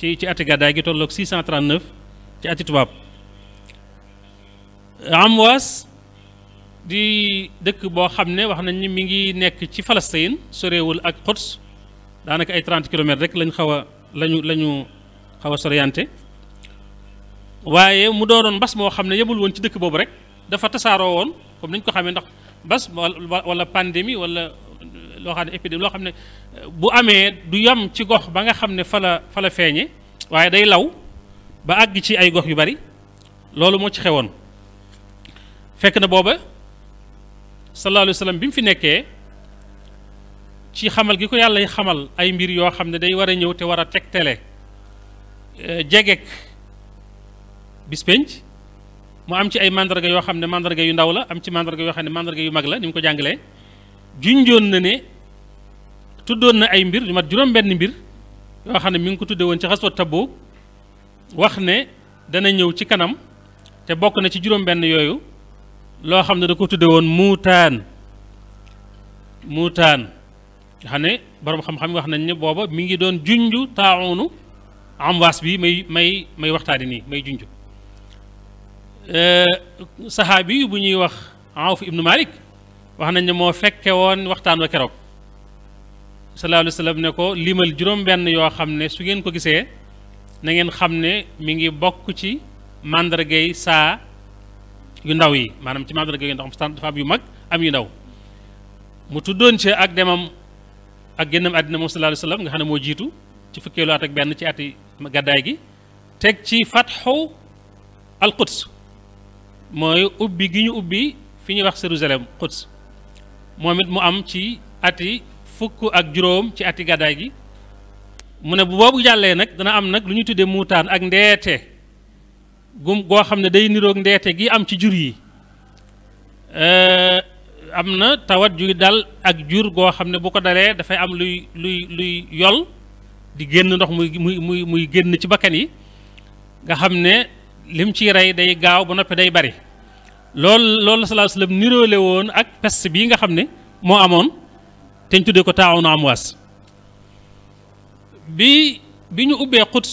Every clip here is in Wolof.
ci ci ati gàddaay gi tolloog 639 ci ati tubaab Amwaas di dëkk boo xam ne wax nañ ni mi ngi nekk ci Palestine sorewul ak Quds daanaka ay 30 kilomètres rek lañ xaw a lañu lañu xaw a soriante waaye mu doonoon mbas moo xam ne yebul woon ci dëkk boobu rek dafa tasaaroo woon comme ni ko xamee ndax mbas wala pandémie wala. loo xam ne épidémie loo xam ne bu amee du yam ci gox ba nga xam ne fa la fa la feeñe waaye day law ba àgg ci ay gox yu bari loolu moo ci xewoon fekk na booba sallallahu alayhi wa sallam bi mu fi nekkee ci xamal gi ko yàlla xamal ay mbir yoo xam ne day war a ñëw te war a tegtale eh, jegeek bis penc mu am ci ay mandarga yoo xam ne mandarga yu ndaw la am ci mandarga yoo xam ne mandarga yu mag la ni mu ko jàngalee junjoon na ne tuddoon na ay mbir yu mat juróom-benn mbir yoo xam ne mi ngi ko tudde woon ci xaswa Tabuk wax ne dana ñëw ci kanam te bokk na ci juróom-benn yooyu loo xam ne da ko tudde woon muutaan muutaan nga xam ne borom xam-xam wax nañ ne booba mi ngi doon junju taaxunu amwaas bi may may may waxtaani nii may junju saxaabi bu ñuy wax Awf ibnu Malik wax nañ ne moo fekke woon waxtaan wa keroog sallallahu alayhi wa ne ko limal juróom-benn yoo xam ne su ngeen ko gisee na ngeen xam ne mi ngi bokk ci màndargay saa yu ndaw yi maanaam ci màndarga yi ndax yu mag am yu mu tuddoon ci ak demam ak génnam àddina moom sallallahu alayhi wa nga xam ne moo jiitu ci fukkeelu at ak benn ci ati gàddaay gi teg ci fatxu al quds mooy ubbi gi ñu ubbi fi ñuy wax Jérusalem quds moom it mu am ci ati fukk ak juróom ci ati gàddaay gi mu ne bu boobu jàllee nag dana am nag lu ñuy tuddee muutaan ak ndeete gum goo xam ne day niroog ndeete gi am ci jur yi eh, am na tawat juy dal ak jur goo xam ne bu ko daree dafay am luy luy luy yol di génn ndox muy muy muy muy génn ci bakkan yi nga xam ne lim ci rey day gaaw ba noppi day bari lool loolu sallallahu alayhi wa niroole woon ak pest bii nga xam ne moo amoon te ñu tuddee ko taawunu amwaas bi bi ñu ubbee Quds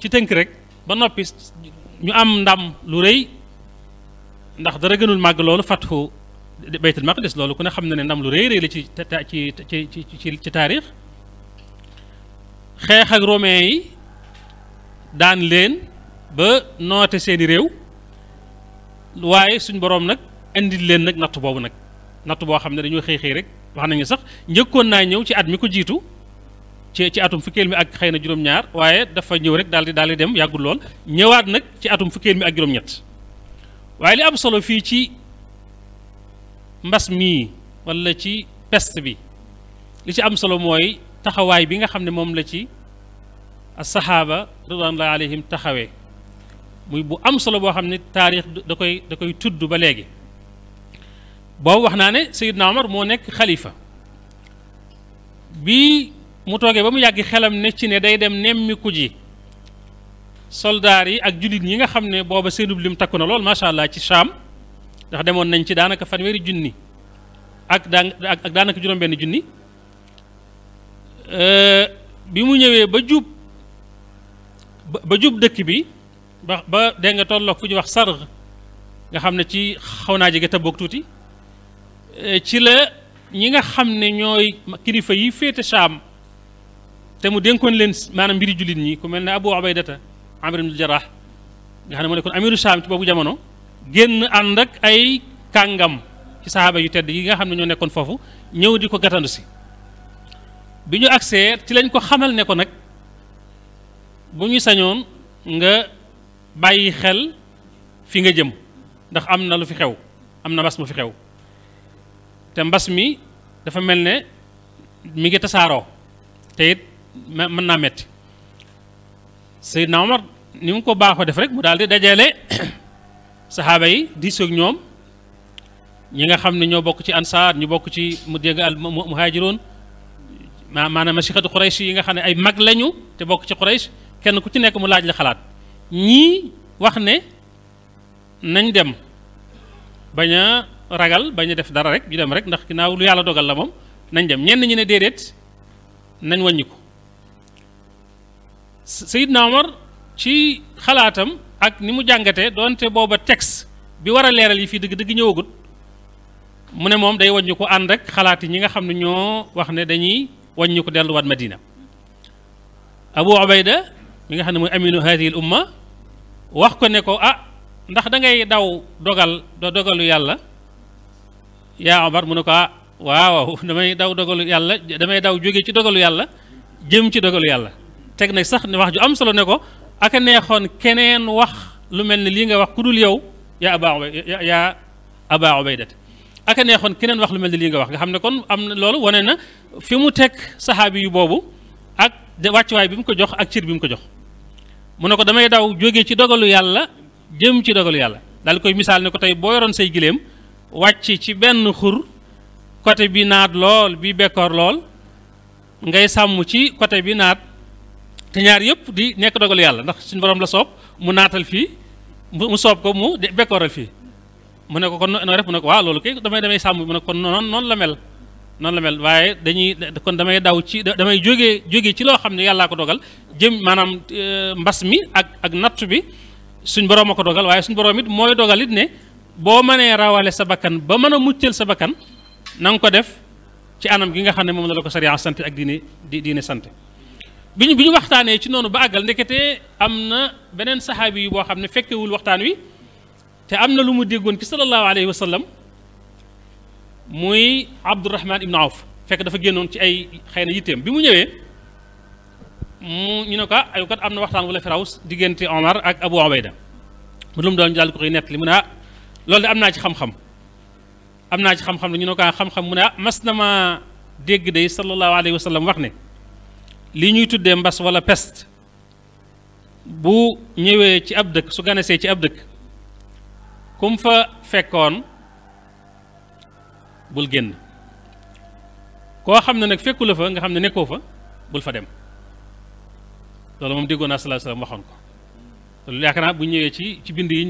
ci tënk rek ba noppi ñu am ndam lu rëy ndax dara gënul màgg loolu fatxu baytul maqdis loolu ku ne xam na ne ndam lu rëy rëy la ci ci ci ci ci taarix xeex ak romain yi daan leen ba noote seeni réew waaye suñ borom nag indi leen nag nattu boobu nag nattu boo xam ne dañoo xëy xëy rek wax nañu sax njëkkoon naa ñëw ci at mi ko jiitu ci atum fukkeel mi ak xëy na juróom-ñaar waaye dafa ñëw rek daal di daal di dem yàggul lool ñëwaat nag ci atum fukkeel mi ak juróom-ñett waaye li am solo fii ci mbas mii walla ci peste bi li ci am solo mooy taxawaay bi nga xam ne moom la ci as saxaaba ridwanullahi alayhim taxawee muy bu am solo boo xam ne taarix da koy da tudd ba léegi boobu wax naa ne Seydina Omar moo nekk xalifa bi mu toogee ba mu yàgg xelam ne ci ne day dem nemmiku ji soldaar yi ak jullit yi nga xam ne booba seenub lim takku na lool macha allah ci Saam ndax demoon nañ ci daanaka fanweeri junni ak ak daanaka juróom-benn junni euh, bi mu ñëwee ba jub ba jub dëkk bi ba ba dégg nga tolloog fu ñuy wax sarr nga xam ne ci xaw naa jege Tabuk tuuti eh, ci la ñi nga xam ne ñooy kilifa yi féete Saam te mu dénkoon leen maanaam mbiri jullit ñi ku mel ne Abu Ubaydata Amr ibn Jarrah nga xam ne moo nekkoon amiru Saam ci boobu jamono génn ànd ak ay kàngam ci saxaaba yu tedd yi nga xam ne ñoo nekkoon foofu ñëw di ko gatandu si bi ñu agsee ci lañ ko xamal ne ko nag bu ñu sañoon nga bàyyi xel fi nga jëm ndax am na lu fi xew am na mbas mu fi xew te mbas mi dafa mel ne mi ngi tasaaroo te it mën naa metti Seydina Omar ni mu ko baaxoo def rek mu daal di dajale saxaaba yi diisoog ñoom ñi nga xam ne ñoo bokk ci ansaar ñu bokk ci mu dégg al muhaajiroon maanaam masiixatu Quraysh yi nga xam ne ay mag lañu te bokk ci Quraysh kenn ku ci nekk mu laaj la xalaat ñii wax ne nañ dem bañ ragal bañ def dara rek ñu dem rek ndax ginnaaw lu yàlla dogal la moom nañ dem ñenn ñi ne déedéet nañ wàññi ko Seydina Omar ci xalaatam ak ni mu jàngatee doonte booba texte bi war a leeral yi fi dëgg-dëgg ñëwagut mu ne moom day wàññi ànd rek xalaat yi ñi nga xam ne ñoo wax ne dañuy wàññi delluwaat Madina Abu Ubayda mi nga xam ne mooy aminu hadihi al umma wax ko ne ko ah ndax dangay daw dogal dogalu yàlla yaa Omar mu ne ko ah waaw damay daw dogalu yàlla damay daw jóge ci dogalu yàlla jëm ci dogalu yàlla teg na sax ne wax ju am solo ne ko aka neexoon keneen wax lu mel ni lii nga wax ku dul yow yaa Aba Ubay yaa Aba Ubaydat aka neexoon keneen wax lu mel ne lii nga wax nga xam ne kon am na loolu wane na fi mu teg saxaabi yu boobu ak wàccuwaay bi mu ko jox ak cir bi mu ko jox mu ne ko damay daw jóge ci dogalu yàlla jëm ci dogalu yàlla daal koy misaal ne ko tey boo yoroon say giléem wàcc ci benn xur côté bi naat lool bi bekkoor lool ngay sàmm ci côté bi naat te ñaar yëpp di nekk dogalu yàlla ndax suñu borom la soob mu naatal fii mu soob ko mu bekkooral fii mu ne ko kon noo def mu ne ko waaw loolu damay damay sàmm mu ne kon noonu noonu la mel noonu la mel waaye dañuy kon damay daw ci damay jóge jóge ci loo xam ne yàllaa ko dogal jëm maanaam euh, mbas mi ak ak nattu bi suñ borom a ko dogal waaye suñ borom it mooy dogal it ne boo mënee rawale sa bakkan ba mën a muccal sa bakkan na nga ko def ci anam gi nga xam ne moom la la ko sariya sant ak diine di diine sant bi ñu bi ñu waxtaanee ci noonu ba àggal ndekete am na beneen saxaabi yi boo xam ne fekkewul waxtaan wi te am na lu mu déggoon ci sallallahu alayhi wa sallam muy Abdurahman ibn Awf fekk dafa génnoon ci ay xëy na yitteem bi mu ñëwee. mu ñu ne ko ayu ah, kat am na waxtaan wala firaws diggante Omar ak Abu Ubayda mu lu mu doon ñu koy nett li mu ne ah loolu de am naa ci xam-xam am naa ci xam-xam la ñu ne ko ah, xam-xam mu ne ah, mas na ma dégg day sallallahu alayhi wa sallam ne li ñuy tuddee mbas wala peste bu ñëwee ci ab dëkk su ganasee ci ab dëkk kum fa fekkoon bul génn koo xam ne nag fekkula la fa nga xam ne nekkoo fa bul fa dem loolu moom déggoon naa sallallahu waxoon ko loolu yaakaar naa bu ñëwee ci ci bind yi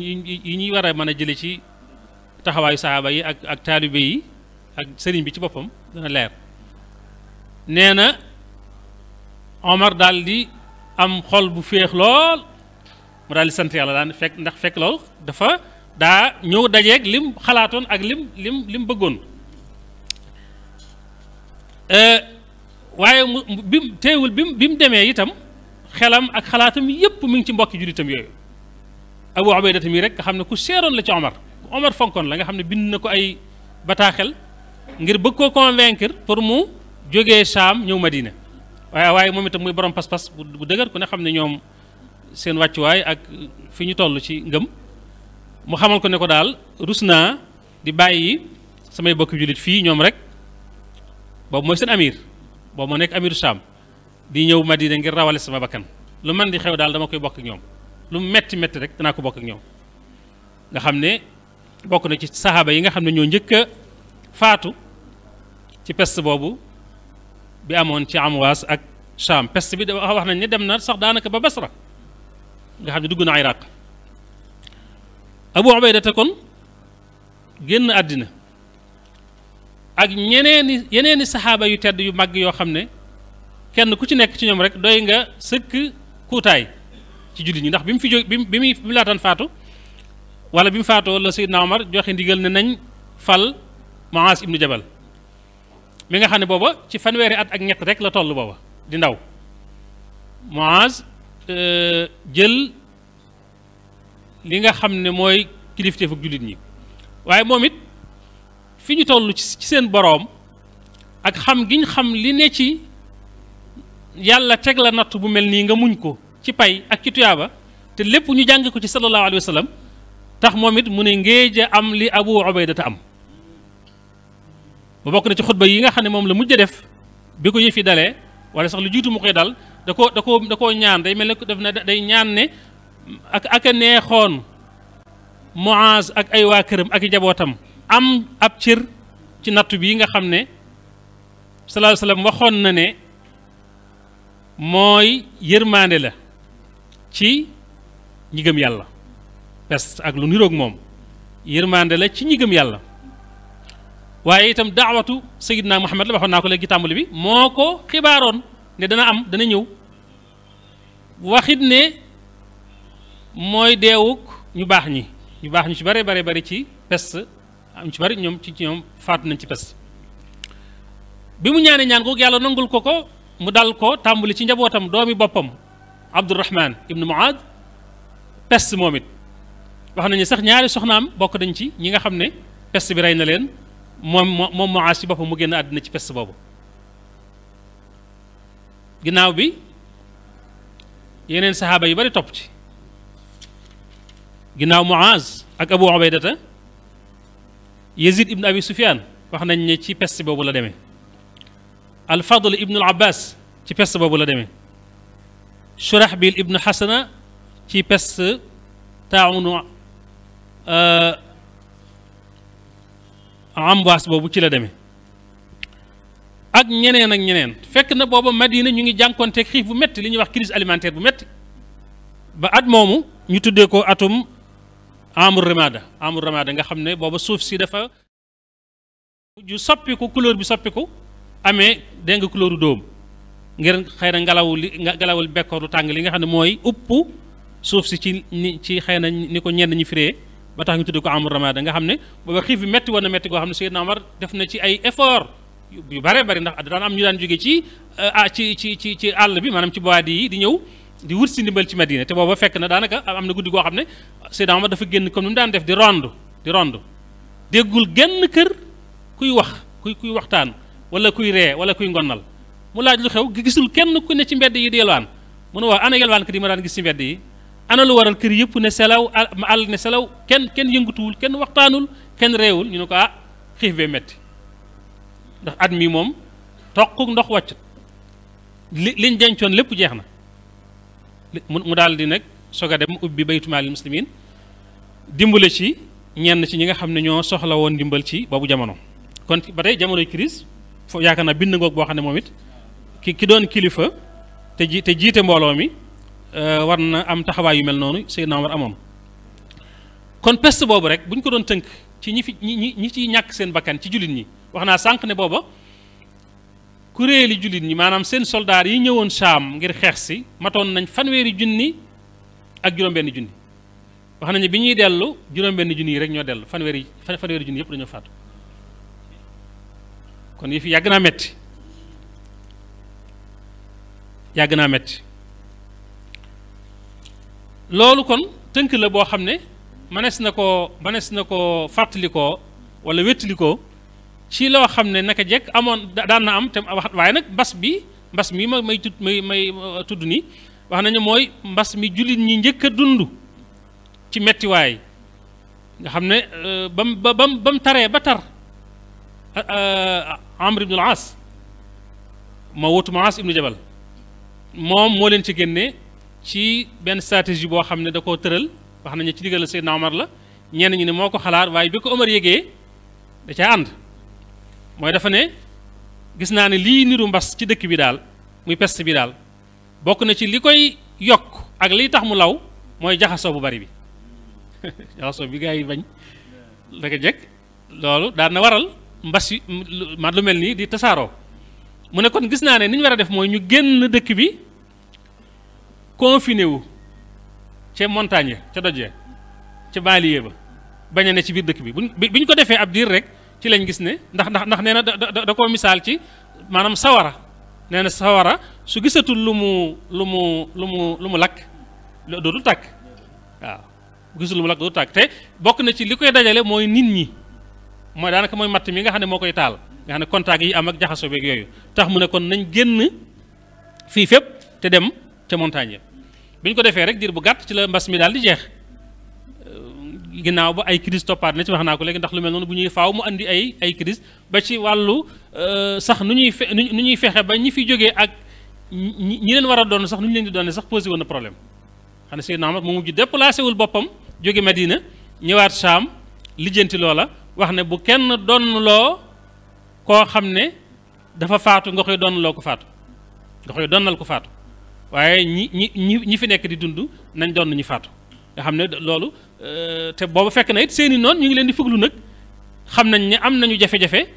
yi ñuy war a mën a jëlee ci taxawaayu saxaaba yi ak ak taalibe yi ak sëriñ bi ci boppam dana leer nee na Omar dal di am xol bu féex lool mu daal di sant yàlla daan fekk ndax fekk loolu dafa daa ñëw dajeeg lim xalaatoon ak lim lim lim bëggoon euh, waaye mu bi mu teewul bi mu demee itam. xelam ak xalaatam yépp mu ngi ci mbokki jullitam yooyu abu ubaydata mi rek nga xam ne ku seeroon la ci omar omar fonkoon la nga xam ne bind na ko ay bataaxel ngir bëgg koo convaincre pour mu jógee saam ñëw madina waaye waaye moom itam muy borom pas-pas bu dëgër ku ne xam ne ñoom seen wàccuwaay ak fi ñu toll ci ngëm mu xamal ko ne ko daal rus naa di bàyyi samay bokki jullit fii ñoom rek boobu mooy seen amir boobu moo nekk amiru saam di ñëw Madina ngir rawale sama bakkan lu man di xew daal dama koy bokk ak ñoom lu metti metti rek dana ko bokk ak ñoom nga xam ne bokk na ci saxaaba yi nga xam ne ñoo njëkk faatu ci pest boobu bi amoon ci Amwaas ak Sham peste bi wax nañ ne dem na sax daanaka ba Basra nga xam ne dugg na ay Iraq Abu Ubayda kon génn àddina ak ñeneeni yeneeni saxaaba yu tedd yu màgg yoo xam ne kenn ku ci nekk ci ñoom rek doy nga sëkk kuutaay ci jullit ñi ndax bi mu fi jóg bi mu bi mu laataan faatu wala bi mu faatoo la Seydina Omar joxe ndigal ne nañ fal Muaas ibnu Jabal mi nga xam ne booba ci fanweeri at ak ñett rek la toll booba di ndaw Muaas euh, jël li nga xam ne mooy kilifteefu jullit ñi waaye moom it fi ñu toll ci seen boroom ak xam giñ xam li ne ci yàlla teg la nattu bu mel nii nga muñ ko ci pay ak ci tuyaaba te lépp ñu jàng ko ci sallallahu alayhi tax moom it mu ne ngéej a am li abu ubaydata am ba bokk na ci xutba yi nga xam ne moom la mujj def bi ko yëfi dalee wala sax lu jiitu mu koy dal da ko da ko koo ñaan day mel ne def na day ñaan ne ak ak a neexoon Muaz ak ay waa këram ak i njabootam am ab cër ci nattu bi yi nga xam ne sallallahu alayhi waxoon na ne mooy yërmaande la ci ñi gëm yàlla pes ak lu niroog moom yërmaande la ci ñi gëm yàlla waaye itam daawatu sayidna muhammad la waxoon naa ko léegi tàmbali bi moo ko xibaaroon ne dana am dana ñëw waxit ne mooy deewuk ñu baax ñi ñu baax ñu ci bare bare bari ci pes am ci bari ñoom ci ñoom faatu nañ ci pes bi mu ñaanee ñaan googu yàlla nangul ko ko mu dal ko tàmbali ci njabootam doomi boppam Abdurahman ibnu Muad pest moom it wax nañ sax ñaari soxnaam bokk dañ ci ñi nga xam ne pest bi rey na leen moom moom Muad ci mu génn àddina ci pest boobu ginnaaw bi yeneen saxaaba yu bari topp ci ginnaaw Muaz ak Abu Ubaydata Yazid ibnu Abi Sufyaan wax nañ ne ci pest boobu la demee alfadl ibnu al abbas ci peste boobu la demee shurahbil ibnu xasana ci peste taawunu euh, amwaas boobu ci la demee ak ñeneen ak ñeneen fekk na booba madina ñu ngi jànkoonteeg xiif bu métti li ñuy wax crise alimentaire bu metti ba at moomu ñu tuddee ko atum amul ramada amul ramada nga xam ne booba suuf si dafa ju soppiku couleur bi soppiku amee dégg nga doom dóom ngir xëy na ngelaw li ngelawul bekkoor lu tàng li nga xam ne mooy upp suuf si ci ni ci xëy na ni ko ñenn ñi firee ba tax ñu tudd ko amul ramada nga xam ne booba xiif bi métti woon na métti goo xam ne Seydina Omar def na ci ay effort yu bare bari ndax daan am ñu daan jóge ci euh, ah, ci ci ci ci àll bi maanaam ci bowaadi yi di ñëw di wut si ndimbal ci Madina te booba fekk na daanaka am na guddi goo xam ne Seydina Omar dafa génn comme ni mu daan def di rond di rond déggul genn kër kuy wax kuy kuy waxtaan wala kuy ree wala kuy ngonnal mu laaj lu xew gisul kenn ku ne ci mbedd yi di yelwaan mu ne waa ana yelwaankat yi ma daan gis ci mbedd yi ana lu waral kër yëpp ne selaw ma àll ne selaw kenn kenn yëngatuwul kenn waxtaanul kenn reewul ñu ne ko ah xiif bee metti ndax at mii moom toquk ndox wàccut li liñ dencoon lépp jeex na mu daal di nag soog dem ubbi baytu maalil muslimin dimbale ci ñenn ci ñi nga xam ne ñoo soxla woon dimbal ci boobu jamono kon ba tey fo yaakaar naa bind ngoog boo xam ne moom it ki ki doon kilifa te ji te jiite mbooloo mi euh, war na am taxawaay yu mel noonu Seydina war amoon kon peste boobu rek bu ñu ko doon tënk ci ñi fi ñi ñi ciy ñàkk seen bakkan ci jullit ñi wax naa sànq ne booba kuréeli jullit ñi maanaam seen soldaar yi ñëwoon Saam ngir xeex si matoon nañ fanweeri junni ak juróom-benn junni wax nañu bi ñuy dellu juróom-benn junni yi rek ñoo dellu fanweeri fanweeri junni yëpp dañoo faatu. kon yëf yi yàgg naa metti yàgg naa metti loolu kon tënk la boo xam ne manees na ko manees na ko fàttalikoo wala wéttalikoo ci loo xam ne naka jekk amoon daan na am te wax nag mbas bi mbas mi ma may uh, tudd may ni wax nañu mooy mbas mi jullit ñi njëkk a dund ci mettiwaay nga xam ne uh, ba mu ba mu taree ba tar uh, amr ibnul as moo wutu maas ibnu jabal moom moo leen ci génne ci benn stratégie boo xam ne da koo tëral wax nañu ci digal Seydina Omar la ñenn ñi ne moo ko xalaat waaye bi ko Omar yégee da caa ànd mooy dafa ne gis naa ne lii niru mbas ci dëkk bi daal muy peste bi daal bokk na ci li koy yokk ak li tax mu law mooy jaxasoo bu bari bi jaxasoo bi gaa yi bañ da ko jekk loolu daan na waral mbas yi ma lu mel nii di tasaaroo mu ne kon gis naa ne ni ñu war a def mooy ñu génn dëkk bi confiné wu ca montagne ca doj ca banlieue ba bañ ne ci biir dëkk bi buñ bi ñu ko defee ab diir rek ci lañ gis ne ndax ndax ndax nee na da da koo misaal ci maanaam sawara nee na sawara su gisatul lu mu lu mu lu mu lu mu lakk dootul tàkk waaw gisul lu mu lakk dootul tàkk te bokk na ci li koy dajale mooy nit ñi. mooy daanaka mooy matt mi nga xam ne moo koy taal nga xam ne contact yi am ak jaxasoo beeg yooyu tax mu ne kon nañ génn fii fépp te dem ca montagne bi ñu ko defee rek diir bu gàtt ci la mbas mi daal di jeex euh, ginnaaw ba ay crise toppaat na ci wax naa ko léegi ndax lu mel noonu bu ñuy faaw mu andi ay ay crise ba ci wàllu euh, sax nu ñuy fe nu ñuy fexe ba ñi fi jógee ak ñi leen war a doon sax nu ñu leen di doon sax posé woon na problème xam ne Seydina Ahmad mu mujj déplacé wul boppam jóge Madina ñëwaat Saam lijjanti loola wax ne bu kenn donnloo koo xam ne dafa faatu nga koy donnloo ko faatu nga koy donnal ko faatu waaye ñi ñi ñi ñi fi nekk di dund nañ donn ñu faatu nga xam ne loolu euh, te booba fekk na it seeni noonu ñu ngi leen di fuglu nag xam nañ ne am nañu jafe-jafe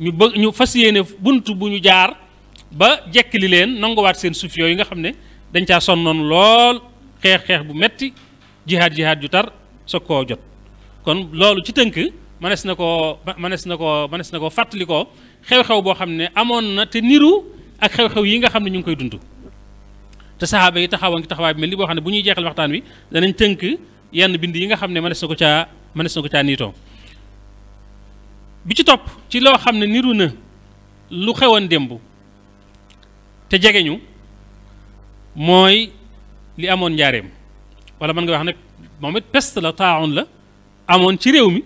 ñu bëgg ñu fas yéene bunt bu ñu jaar ba jekkili leen nanguwaat seen suuf yooyu nga xam ne dañ caa noonu lool xeex xeex bu metti jihaad jihaad ju tar sa ko jot kon loolu ci tënk mënees na ko mënees na ko mënees na ko fàttalikoo xew-xew boo xam ne amoon na te niru ak xew-xew yi nga xam ne ñu ngi koy dund te saxaaba yi taxawoon ngi taxawaay bi mel ni ne bu ñuy jeexal waxtaan wi danañ tënk yenn bind yi nga xam ne mënees na ko caa mënees na ko caa niitoo bi ci topp ci loo xam ne niru na lu xewoon démb te jegeñu mooy li amoon njaareem wala mën nga wax nag moom it peste la taaxoon la amoon ci réew mi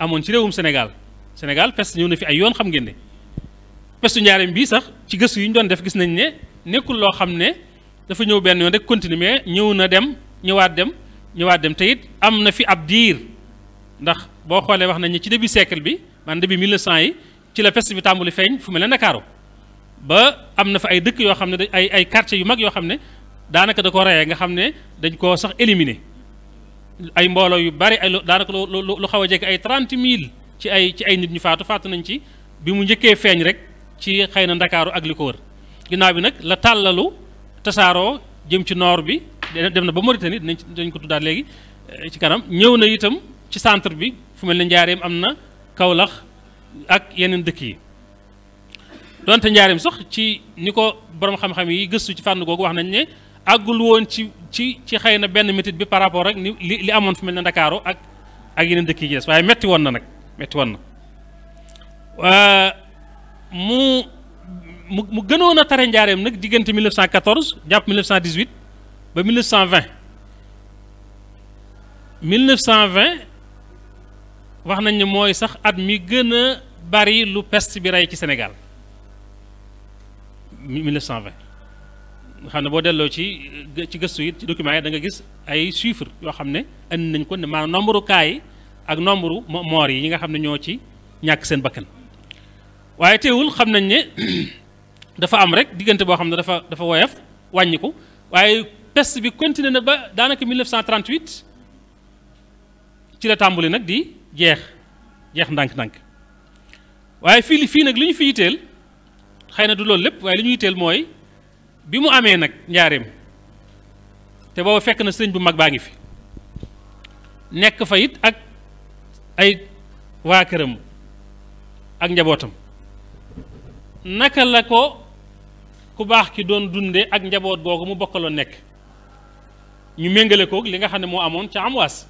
amoon ci réewum Sénégal Sénégal peste ñëw na fi ay yoon xam ngeen ne pestu njaareem bii sax ci gëstu yu ñu doon def gis nañ ne nekkul loo xam ne dafa ñëw benn yoon rek continuer mais ñëw na dem ñëwaat dem ñëwaat dem te it am na fi ab diir ndax boo xoolee wax nañ ci début siècle bi maanaam mille 1900 yi ci la peste bi tàmbali feeñ fu mel ne Ndakaaru ba am na fa ay dëkk yoo xam ne ay ay quartiers yu mag yoo xam ne daanaka da ko reyee nga xam ne dañ koo sax éliminer ay mbooloo yu bari ay daanaka lu lu xaw a jege ay trente mille ci ay ci ay nit ñu faatu faatu nañ ci bi mu njëkkee feeñ rek ci xëy na ndakaaru ak li ko ginnaaw bi nag la tàllalu tasaaroo jëm ci noor bi dem na ba Mauritanie dinañ dañ ko tuddaat léegi eh, ci kanam ñëw na itam ci centre bi fu mel na njaareem am na Kaolack ak yeneen dëkk yi donte njaareem sax ci ni ko boroom xam-xam yi gëstu ci fànn googu wax nañ ne àggul woon ci ci ci xëy na benn métit bi par rapport rek ni li li amoon fi mel ne Ndakaaru ak ak yeneen dëkk yi ci des waaye metti woon na nag metti woon na euh, mu mu mu gënoon a tare njaareem nag diggante 1914 jàpp 1918 ba 1920 1920 wax nañ ne mooy sax at mi gën a bari lu pest bi rey ci Sénégal 1920. xam ne boo delloo ci ci gëstu yi ci document yi gis ay chiffres yoo xam ne indi nañ ko ne maanaam nombre cas yi ak nombre moor yi nga xam ne ñoo ci ñàkk seen bakkan waaye teewul xam nañ ne dafa am rek diggante boo xam ne dafa dafa woyof wàññiku waaye peste bi continué na ba daanaka 1938 ci la tàmbali nag di jeex jeex ndànk-ndànk waaye fii fii nag li ñu fi yitteel xëy na du loolu lépp waaye li ñu yitteel mooy. bi mu amee nag njaareem te booba fekk na sëñ bu mag baa ngi fi nekk fa it ak ay waa këram ak njabootam naka la ko ku baax ki doon dunde ak njaboot googu mu bokkaloon nekk ñu méngale koog li nga xam ne moo amoon ca Amwaas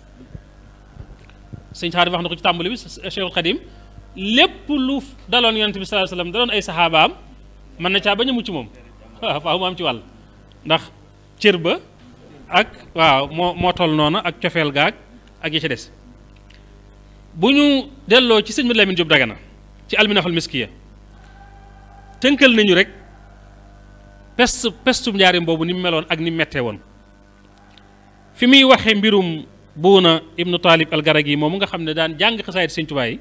sëñ Xaadim wax na ko ci tàmbali bi Cheikhul Xadim lépp lu daloon yonent bi sallallahu alayhi wasallam daloon ay saxaabaam mën na caa bañ a mucc moom waaw mu am ci wàll ndax cër ba ak waaw moo moo toll noonu ak cofeel gaag ak yi ci des bu ñu delloo ci sëñ bi Lamin Jóob ci alminaxul miskiya tënkal nañu rek pest pestu njaarim boobu ni mu meloon ak ni mu mettee woon fi muy waxe mbirum buuna ibnu taalib moom mu nga xam ne daan jàng xasaayit sëñ Tuubaa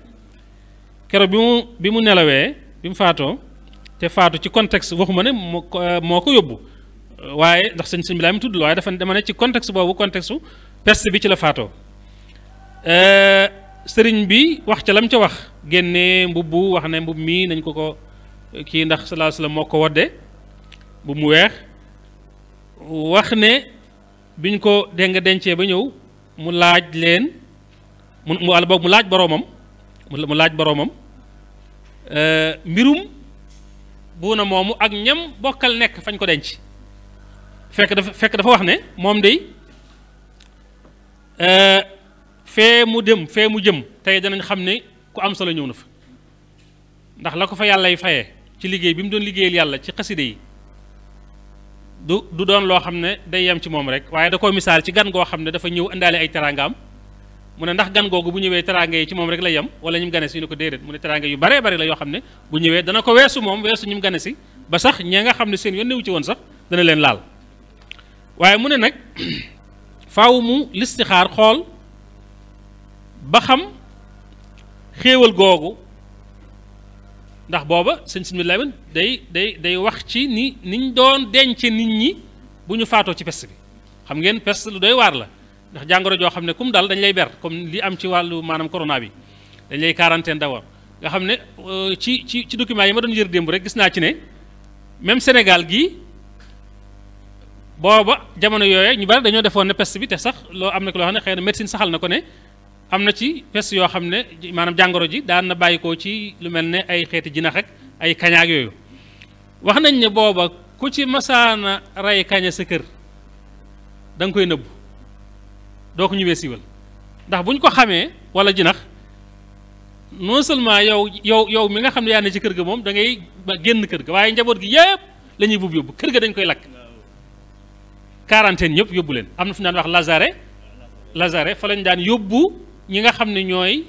kero bi mu bi mu nelawee bi mu faatoo te faatu ci contexte waxuma ne euh, moo ko yóbbu waaye ndax sëñ sëñ bi laa mi tudd waaye dafa dama ne ci contexte boobu contexte peste bi ci la faatoo euh, sëriñ bi wax ca lam ca wax génnee mbubb wax ne mbubb mii nañ ko ko kii ndax salaa la moo ko wodde bu mu weex wax ne biñ ko dégg nga dencee ba ñëw mu laaj leen mu walla boog mu laaj boroomam mu laaj boroomam euh, mbirum na moomu ak ñam bokkal nekk fañ ko denc fekk dafa fekk dafa wax ne moom day euh, fee mu dëm fee mu jëm tey danañ xam ne ku am solo ñëw na fa ndax la ko fa yàllay fayee ci liggéey bi mu doon liggéeyal yàlla ci xaside yi du du doon loo xam ne day yem ci moom rek waaye da koo misaal ci gan goo xam ne dafa ñëw indaale ay teraangaam mu ne ndax gan googu bu ñëwee teraange yi ci moom rek la yem wala ñim gane si ñu ko déedéet mu ne teraange yu baree bari la yoo xam ne bu ñëwee dana ko weesu moom weesu ñim gane si ba sax ñee nga xam ne seen yoon newu ci woon sax dana leen laal waaye mu ne nag faw mu listixaar xool ba xam xéewal googu ndax booba sëñ sin billahi day day day wax ci ni niñ doon denc nit ñi bu ñu faatoo ci pest bi xam ngeen pest lu doy waar la ndax jàngoro joo xam ne comme dal dañ lay ber comme li am ci wàllu maanaam corona bi dañ lay quarantaine d'abord nga xam ne euh, ci ci ci document yi ma doon yër démb rek gis naa ci ne même Sénégal gii booba jamono yooye ñu bari dañoo defoon ne peste bi te sax loo am na loo xam ne xëy na saxal na ko ne am na ci pest yoo xam ne maanam jàngoro ji daan na bàyyi koo ci lu mel ne ay xeeti jinax ak ay kañaak yooyu wax nañ ne booba ku ci masaana rey kaña sa kër da koy nëbbu doo ko ñëwee siiwal ndax bu ñu ko xamee wala jinax non seulement yow yow yow mi nga xam ne yaa ne ci kër gi moom da ngay génn kër gi waaye njaboot gi yëpp la ñuy buub yóbbu kër gi dañ koy lakk quarantaine yëpp yóbbu leen am na fu ñu daan wax lazare lazare lañ daan yóbbu ñi nga xam ne ñooy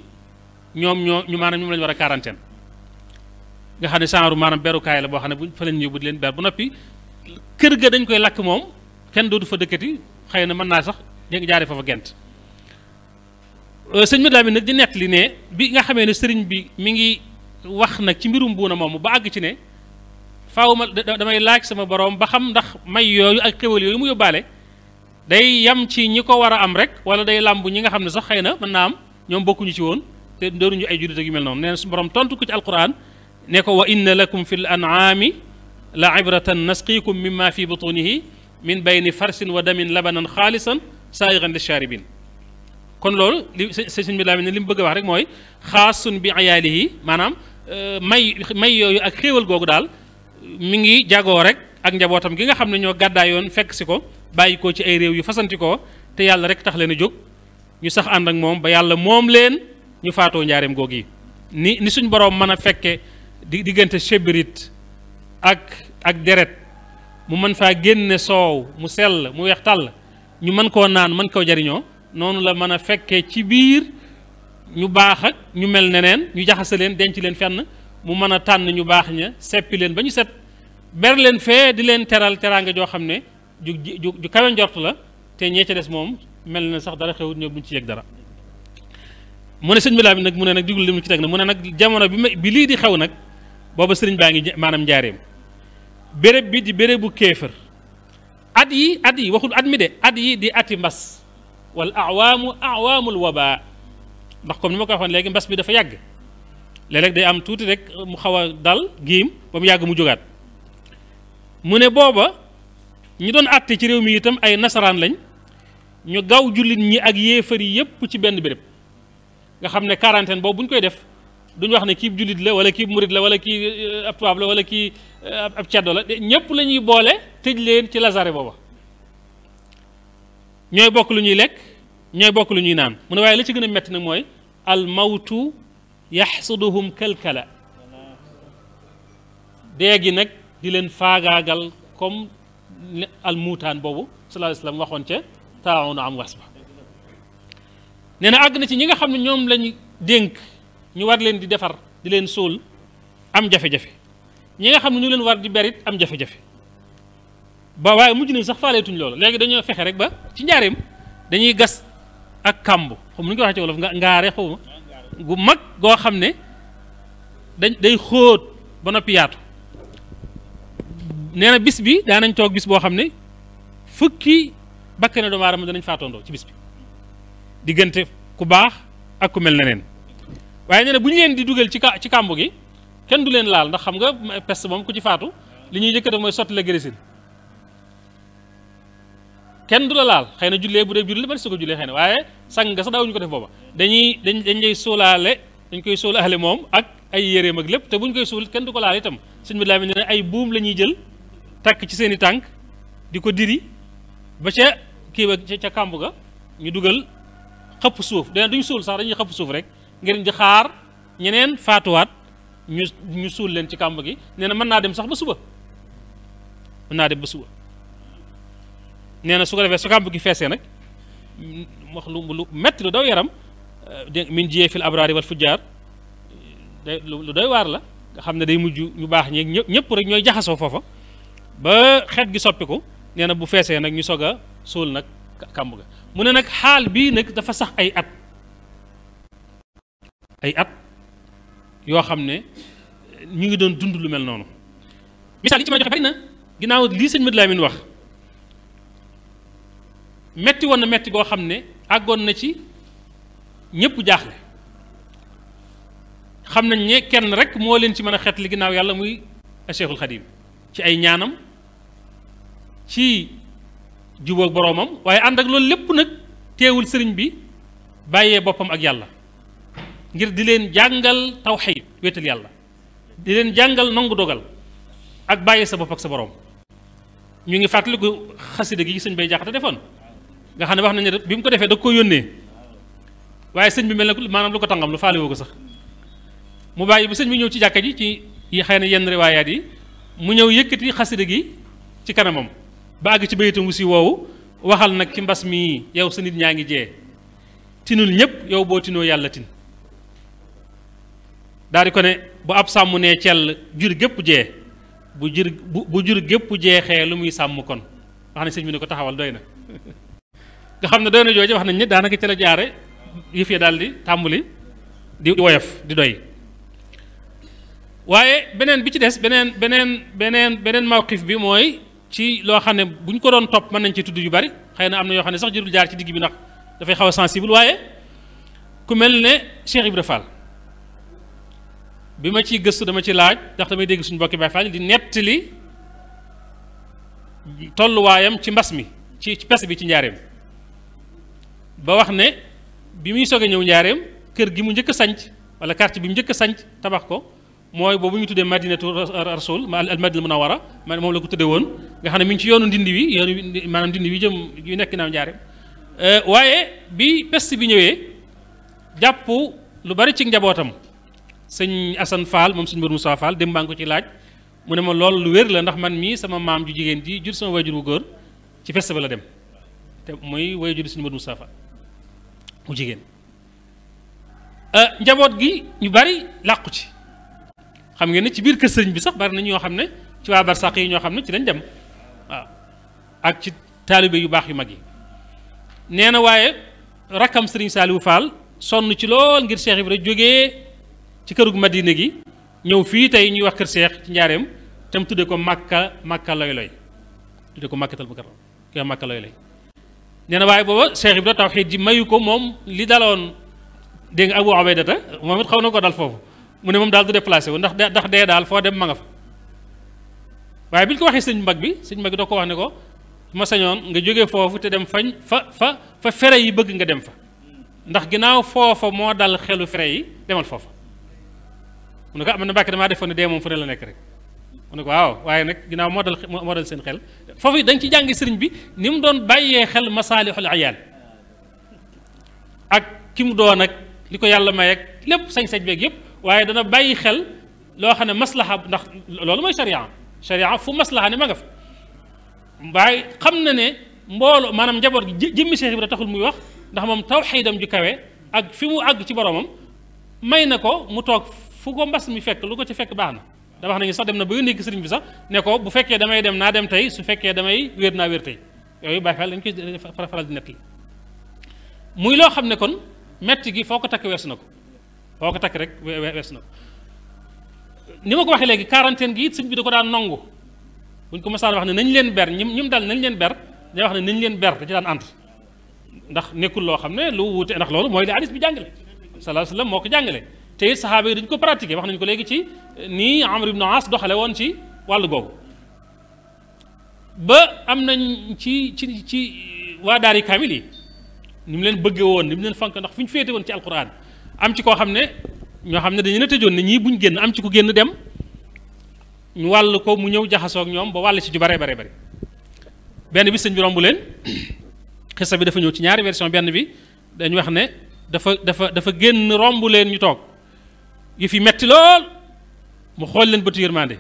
ñoom ñoo ñu maanaam ñoom la ñu war nga xam ne genre maanaam berukaay la boo xam ne bu fa lañ yóbbu di leen ber bu noppi kër ga dañ koy lakk moom kenn dootu fa dëkkati xëy na mën naa sax dégg nga jaaree foofa gent euh, sëñ Modou Lamine nag di nett ne bi nga xamee ne sëriñ bi mi ngi wax nag ci mbirum buuna moomu ba àgg ci ne faaw ma damay laaj sama borom ba xam ndax may yooyu ak xéwal yooyu mu yóbbaale day yam ci ñi ko war a am rek wala day làmb ñi nga xam ne sax xëy na mën naa am ñoom bokkuñu ci woon te doonuñu ay jullit ak yu mel noonu nee su borom tontu ko ci alquran ne ko wa inna lakum fi l an'aami la ibratan nasqiikum mimma fi butunihi min bayni farsin wa damin labanan xaalisan saairan lisharibin kon loolu li sëñ bi laa ne li mu bëgg a wax rek mooy xaasun bi yi maanaam euh, may may yooyu ak xéewal googu daal mu ngi jagoo rek ak njabootam gi nga xam ne ñoo gàddaayoon fekk si ko bàyyi ko ci ay réew yu fasanti ko te yàlla rek tax leen a jóg ñu sax ànd ak moom ba yàlla moom leen ñu faatoo njaareem googu yi ni ni suñ boroom mën a fekke di diggante chébrit ak ak deret mu mën faa génne soow mu sell mu weex tàll ñu mën koo naan mën koo jariñoo noonu la mën a fekkee ci biir ñu baax ak ñu mel neneen ñu jaxase leen denc leen fenn mu mën a tànn ñu baax ña seppi leen ba ñu set ber leen fee di leen teral teraanga joo xam ne ju ju ju kawe njort la te ñee ca des moom mel ne sax dara xewut ñoom duñ ci yëg dara mu ne sëñ bi laa bi nag mu ne nag digul li mu ci teg na mu ne nag jamono bi ma bi lii di xew nag booba sëriñ baa ngi maanaam njaareem béréb bi di bérébu kéefër at yi at yi waxul at mi de at yi di ati mbas wal awaamu awaamul waba ndax comme ni ma ko waxoon léegi mbas bi dafa yàgg léeg-léeg day am tuuti rek mu xaw a dal giim ba mu yàgg mu jógaat mu ne booba ñi doon àtte ci réew mi itam ay nasaraan lañ ñu gaw jullit ñi ak yéefar yi yépp ci benn béréb nga xam ne quarantaine boobu bu ñu koy def duñu wax ne kii jullit la wala kii murit la wala kii euh, ab tubaab la wala kii euh, ab ceddo la ñëpp lañuy boole tëj leen ci lazare booba ñooy bokk lu ñuy lekk ñooy bokk lu ñuy naan mu ne waaye la ci gën a metti nag mooy al mawtu yaxsuduhum kalkala dee gi nag di leen faagaagal comme al muutaan boobu sallallahu alayhi wa sallam waxoon ca taawunu am wasba nee na àgg na ci ñi nga xam ne ñoom lañ dénk ñu war leen di defar di leen suul am jafe-jafe ñi nga xam ne ñu leen war di berit am jafe-jafe ba waaye mujj nañ sax faaleetuñ loolu léegi dañoo fexe rek ba ci njaareem dañuy gas ak kàmb xam nu ñu ko waxee ci nga gu mag goo xam ne dañ day xóot ba noppi yaatu nee na bis bi daanañ toog bis boo xam ne fukki bakkane doomu aadama danañ faatondoo ci bis bi diggante ku baax ak ku mel na neen waaye nee bu ñu leen di dugal ci ka ci kàmb gi kenn du leen laal ndax xam nga peste moom ku ci faatu li ñuy njëkk def mooy sotti la grésil kenn du la laal xëy na jullee bu dee julli ba su ko jullee xëy na waaye sang nga sax ñu ko def booba dañuy dañ dañ lay suulaale dañ koy suulaale moom ak ay yéreem ak lépp te buñ koy sool kenn du ko laal itam sëñ bi laa ne ne ay buum la ñuy jël takk ci seen i tànk di ko diri ba ca kii ba ca kàmb ga ñu dugal xëpp suuf dana duñ suul sax dañuy xëpp suuf rek ngeen di xaar ñeneen faatuwaat ñu ñu suul leen ci kàmb gi nee na mën naa dem sax ba suba mën naa dem ba suba nee na su ko defee su kàmb gi feesee nag wax lu lu metti lu daw yaram euh, min jiyee fil abraari wal fujjaar day lu doy waar la nga xam ne day mujj ñu baax ñeeg ñëpp rek ñooy jaxasoo foofa ba xeet gi soppiku nee na bu feesee nag ñu soog a suul nag kàmb ga mu ne nag xaal bii nag dafa sax ay at ay at yoo xam ne ñu ngi doon dund lu mel noonu misaal yi ci ma joxe bari na ginnaaw lii sëñ Mady Lamine wax metti woon na metti goo xam ne àggoon na ci ñëpp jaaxle xam nañ ne kenn rekk moo leen ci mën a xeetli ginnaaw yàlla muy Cheikhul Khadim ci ay ñaanam ci jubóog boroomam waaye ànd ak loolu lépp nag teewul sëriñ bi bàyyee boppam ak yàlla ngir di leen jàngal tawxiid wéetal yàlla di leen jàngal nangu dogal ak bàyyi sa bopp ak sa boroom ñu ngi fàttaliku xasida gi sëñ bay jaxate defoon nga xam ne wax nañu bi mu ko defee da ko yónnee waaye sëñ bi mel na maanaam lu ko tàngam lu faale woo ko sax mu bàyyi bi sëñ bi ñëw ci jàkka ji ci xëy na yenn riwaayaat yi mu ñëw yëkkati xasida gi ci kanamam ba àgg ci bayitam wu si woowu waxal nag ci mbas mi yow sa nit ñaa ngi jee tinul ñëpp yow boo tinoo yàlla tin daal di ko ne bu ab sàmm nee cell jur gépp jee bu jur bu jur gépp jeexee lu muy sàmm kon wax ne sëñ bi ne ko taxawal doy na nga xam ne doy na jooju wax nañ ne daanaka ca la jaare yëf ya daal di tàmbali di woyof di doy waaye beneen bi ci des beneen beneen beneen beneen mawqif bi mooy ci loo xam ne bu ñu ko doon topp mën nañ ci tudd yu bari xëy na am na yoo xam ne sax jurul jaar ci digg bi ndax dafay xaw a sensible waaye ku mel ne Cheikh Ibra Fall bi ma ciy gëstu dama ci laaj ndax damay dégg suñu bokki Baay Faal di nettali tolluwaayam ci mbas mi ci ci pes bi ci njaareem ba wax ne bi muy soog a ñëw njaareem kër gi mu njëkk a sanc wala quartier bi mu njëkk a tabax ko mooy boobu ñu tuddee madinatu ma al madina munawara man moom la ko tuddee woon nga xam ne mi ngi ci yoonu ndindi wi yoonu maanaam ndindi wi jëm yu nekk naaw njaareem euh, waaye bi pes bi ñëwee jàpp lu bari ci njabootam sëñ Assane faal moom sëñ Mbir Moussa Fall dem baa ngi ko ci laaj mu ne ma lool lu wér la ndax man mii sama maam ju jigéen ji jur sama wayjur bu góor ci fest ba la dem te mooy wayjur sëñ Mbir Moussa Fall mu jigéen euh, njaboot gi ñu bari làqu ci xam ngeen ne ci biir kër sëriñ bi sax bari na ñoo xam ne ci waa sàq yi ñoo xam ne ci lañ dem waaw ak ci taalibe yu baax yu mag yi nee na waaye rakkam sëriñ Saliou Fall sonn ci lool ngir Cheikh Ibra jógee ci kërug madina gi ñëw fii tey ñuy wax kër seex ci njaareem tam tudde ko màkka màkka loy loy tudde ko màkkatal mukarram ki wax màkka loy loy nee na waaye booba seex ibra tawxiid ji mayu ko moom li daloon dégg nga abu abaydata moom it xaw na ko dal foofu mu ne moom daal du déplacé wu ndax ndax dee daal foo dem ma nga fa waaye bi ñu ko waxee sëñ mbag bi sëñ mbag bi doo ko wax ne ko ma sañoon nga jógee foofu te dem fañ fa fa fa fere yi bëgg nga dem fa ndax ginnaaw foofa moo dal xelu fere yi demal foofa mu ne ko am ah, na mbàkke damaa defoon ne dee moom fu ne la nekk rek mu ne ko waaw waaye nag ginnaaw moo dal moo seen xel foofu dañ ci jàngi sëriñ bi ni mu doon bàyyee xel masaalixul ayaan ak ki mu doon ak li ko yàlla may lépp sañ-sañ beeg yëpp waaye dana bàyyi xel loo xam ne maslaha ndax loolu mooy sharia sharia fu maslaha ne ma nga fa waaye xam na ne mbooloo maanaam njaboot gi jëmmi bi Ibra taxul muy wax ndax moom tawxiidam ju kawe ak fi mu àgg ci boromam may na ko mu toog fu ko mbas mi fekk lu ko ci fekk baax na da wax nañu sax dem na ba yónnee sëriñ bi sax ne ko bu fekkee damay dem naa dem tey su fekkee damay wér naa wér tey yooyu bàyyi xel dañ koy faral di la muy loo xam ne kon mett gi foo ko takk weesu na ko foo ko takk rek weesu na ko ni ma ko waxee léegi quarantaine gi it bi da ko daan nongu buñ ko masaan wax ne nañ leen ber ñi ñi mu dal nañ leen ber day wax ne nañ leen ber da ci daan ànd ndax nekkul loo xam ne lu wuute ndax loolu mooy li bi jàngale sallallahu alayhi wa moo ko jàngale te it yi dañ ko pratique wax nañu ko léegi ci eh, nii Amr ibn As doxale woon ci wàllu googu ba am nañ ci ci ci waa daari kaamil yi ni mu leen bëgge woon ni mu leen fank ndax fu ñu féete woon ci alquran am ci koo xam ne ñoo xam ne dañu la tëjoon ne ñii buñ génn am ci ko génn dem ñu wàll ko mu ñëw jaxasook ñoom ba wàll ci ju bare bare bare benn bi sëñ bi romb leen xisa bi dafa ñëw ci ñaari version benn bi dañu wax ne dafa dafa dafa génn romb leen ñu toog yi fi metti lool mu xool leen bëtu yërmande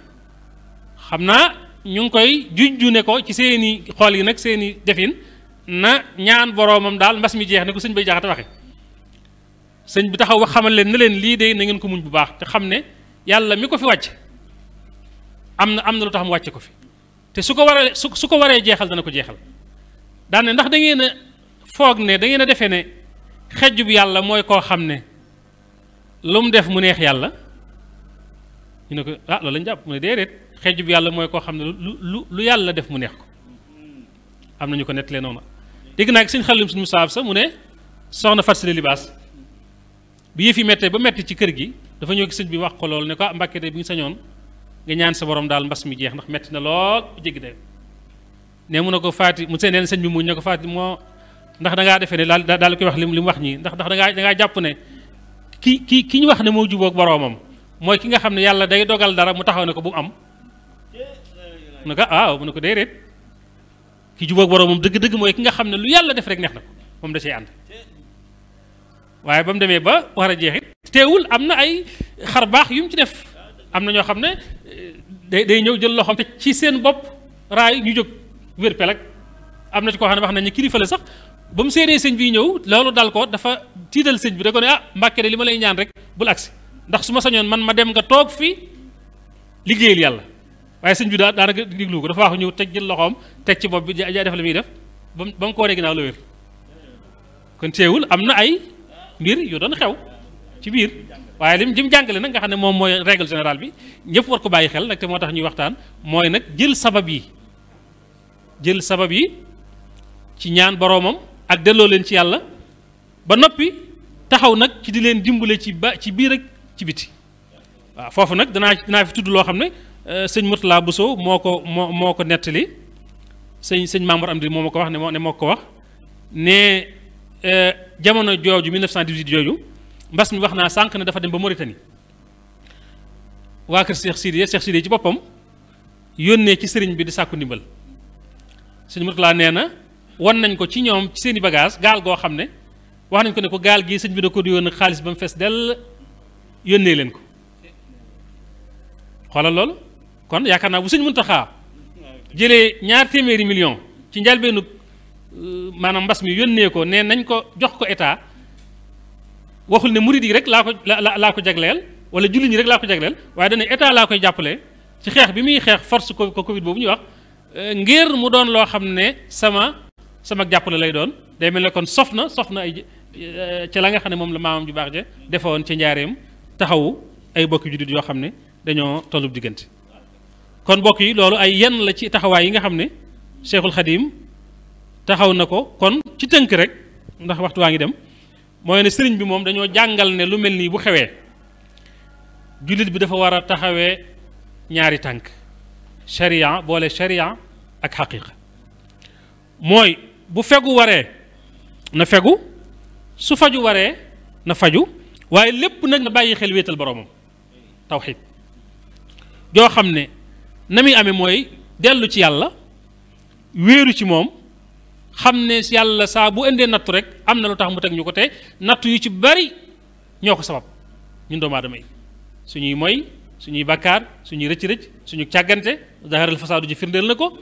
xam naa ñu ngi koy jujju ne ko ci seeni xool yi nag seeni defin na ñaan boroomam daal mbas mi jeex ne ko sëñ bay jaxate waxe sëñ bi taxaw wax xamal leen na leen lii de na ngeen ko muñ bu baax te xam ne yàlla mi ko fi wàcc am na am na lu tax wàcce ko fi te su ko waree su su ko waree jeexal dana ko jeexal daane ndax da a foog ne dangeen ngeen a defee ne xejju yàlla mooy koo xam ne lu mu def mu neex yàlla ñu ne ko ah loolu lañ jàpp mu ne déedéet xejjub yàlla mooy koo xam ne lu lu lu yàlla def mu neex ko am nañu ko nettalee noonu dégg naa ak suñ xalum suñu saab sa mu ne soxna fat sile libaas bi yëf yi méttee ba ci kër gi dafa ñëw sëñ bi wax ko loolu ne ko ah, mbàkke de bu ñu sañoon nga ñaan sa borom daal mbas mi jeex ndax metti na lool jéggi dayo mu ne ko faati mu seen neen sëñ bi muñ ne ko moo ndax da ngaa defee ne daal daal koy wax li mu wax ñii ndax ndax da ngaa jàpp ne ki ki ki ñu wax ne moo jubóog boroomam mooy ki nga xam ne yàlla day dogal dara mu taxaw ne ko bu mu am mu ne ko ah mu ne ko déedéet ki jubóog boroomam dëgg-dëgg mooy ki nga xam ne lu yàlla def rek neex na ko moom da see ànd waaye ba mu demee ba war a jeexit teewul am na ay xar baax yu mu ci def am na ñoo xam ne eh, day day ñëw jël loxoom te ci seen bopp raay ñu jóg wér pelak am na ci koo xam ne wax nañu kilifa la sax ba mu séenee sëñ bi ñëw loolu dal ko dafa tiital sëñ bi da ko ne ah mbàkke de li ma lay ñaan rek bul agsi ndax su ma sañoon man ma dem nga toog fi liggéeyal yàlla waaye sëñ bi daa daanaka diglu ko dafa wax ñëw teg jël loxoom teg ci bopp bi ja def la muy def ba mu ba mu kooree ginnaaw la wér kon teewul am na ay mbir yu doon xew ci biir waaye lim jëm jàngale nag nga xam ne moom mooy règle générale bi ñëpp war ko bàyyi xel nag te moo tax ñuy waxtaan mooy nag jël sabab yi jël sabab yi ci ñaan boroomam ak delloo leen ci yàlla ba noppi taxaw nag ci di leen dimbale ci ba ci biir ak ci biti waaw foofu nag danaa danaa fi tudd loo xam ne euh, sëñ Mourtala Bousso moo ko moo moo ko nettali sëñ sëñ Mamour Amdi moo ma ko wax ne moo ne moo ko wax ne euh, jamono jooju 1918 jooju mbas mi wax naa sànq ne dafa dem ba Mauritanie waa kër Cheikh Sidiye Cheikh Sidiye ci boppam yónnee ci sëriñ bi di sàkku ndimbal sëñ Mourtala nee na. wan nañ ko ci ñoom ci seeni i bagage gaal goo xam ne wax nañ ko ne ko gaal gi sëñ bi da ko di yoon xaalis ba mu fees dell yónnee leen ko xoolal loolu kon yaakaar naa bu sëñ taxaa jëlee ñaar téeméeri million ci njalbeenu euh, maanaam mbas mi yónnee ko ne nañ ko jox ko état waxul ne murid yi rek laa ko la laa ko jagleel wala jullit ñi rek laa ko jagleel waaye dana état laa koy jàppale ci xeex bi muy xeex force ko Covid boobu ñuy wax euh, ngir mu doon loo xam ne sama sama jàppale lay doon day mel ne kon sof na sof na ay ca la nga xam ne moom la maamam ju baax ja defoon ca njaareem taxawu ay bokki juddit yoo xam ne dañoo tollub diggante kon bokk yi loolu ay yenn la ci taxawaay yi nga xam ne Cheikhul Khadim taxaw na ko kon ci tënk rek ndax waxtu waa ngi dem mooy ne sëriñ bi moom dañoo jàngal ne lu mel nii bu xewee jullit bi dafa war a taxawee ñaari tànk sharia boole sharia ak xaqiqa mooy bu fegu waree na fegu su faju waree na faju waaye lépp nag na bàyyi xel wéetal boroomam tawxiid joo xam ne na muy amee mooy dellu ci yàlla wéeru ci moom xam ne yàlla saa bu indee nattu rek am na lu tax mu teg ñu ko te nattu yu ci bari ñoo ko sabab ñun doomu aadama yi suñuy moy suñuy bakkaar suñuy rëcc-rëcc suñu càggante zaharal fasaadu ji firndeel na ko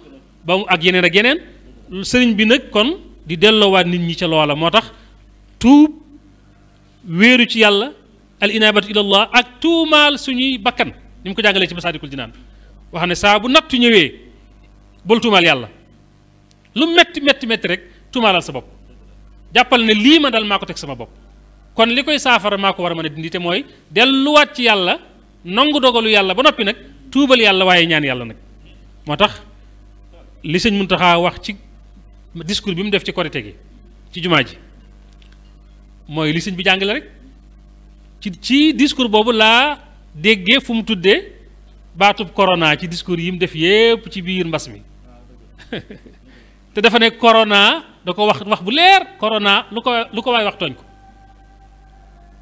ba mu ak yeneen ak yeneen sëriñ bi nag kon di delloowaat nit ñi ca loola moo tax tuub wéeru ci yàlla al inaabatu ilallah ak tuumaal suñuy bakkan ni mu ko jàngalee ci masaalikul jinaan wax ne saa bu nattu ñëwee bul tuumaal yàlla lu metti metti metti rek tuumaalal sa bopp jàppal ne lii ma dal maa ko teg sama bopp kon li koy saafara maa ko war a mën a dindi te mooy delluwaat ci yàlla nangu dogalu yàlla ba noppi nag tuubal yàlla waaye ñaan yàlla nag moo tax li sëñ Muntaxa wax discours bi mu def ci korite gi ci jumaa ji mooy li bi jàngale rek ci ci discours boobu laa dégge fu mu tuddee baatub corona ci discours yi mu def yépp ci biir mbas mi te dafa ne corona da ko wax wax bu leer corona lu ko lu ko waay wax tooñ ko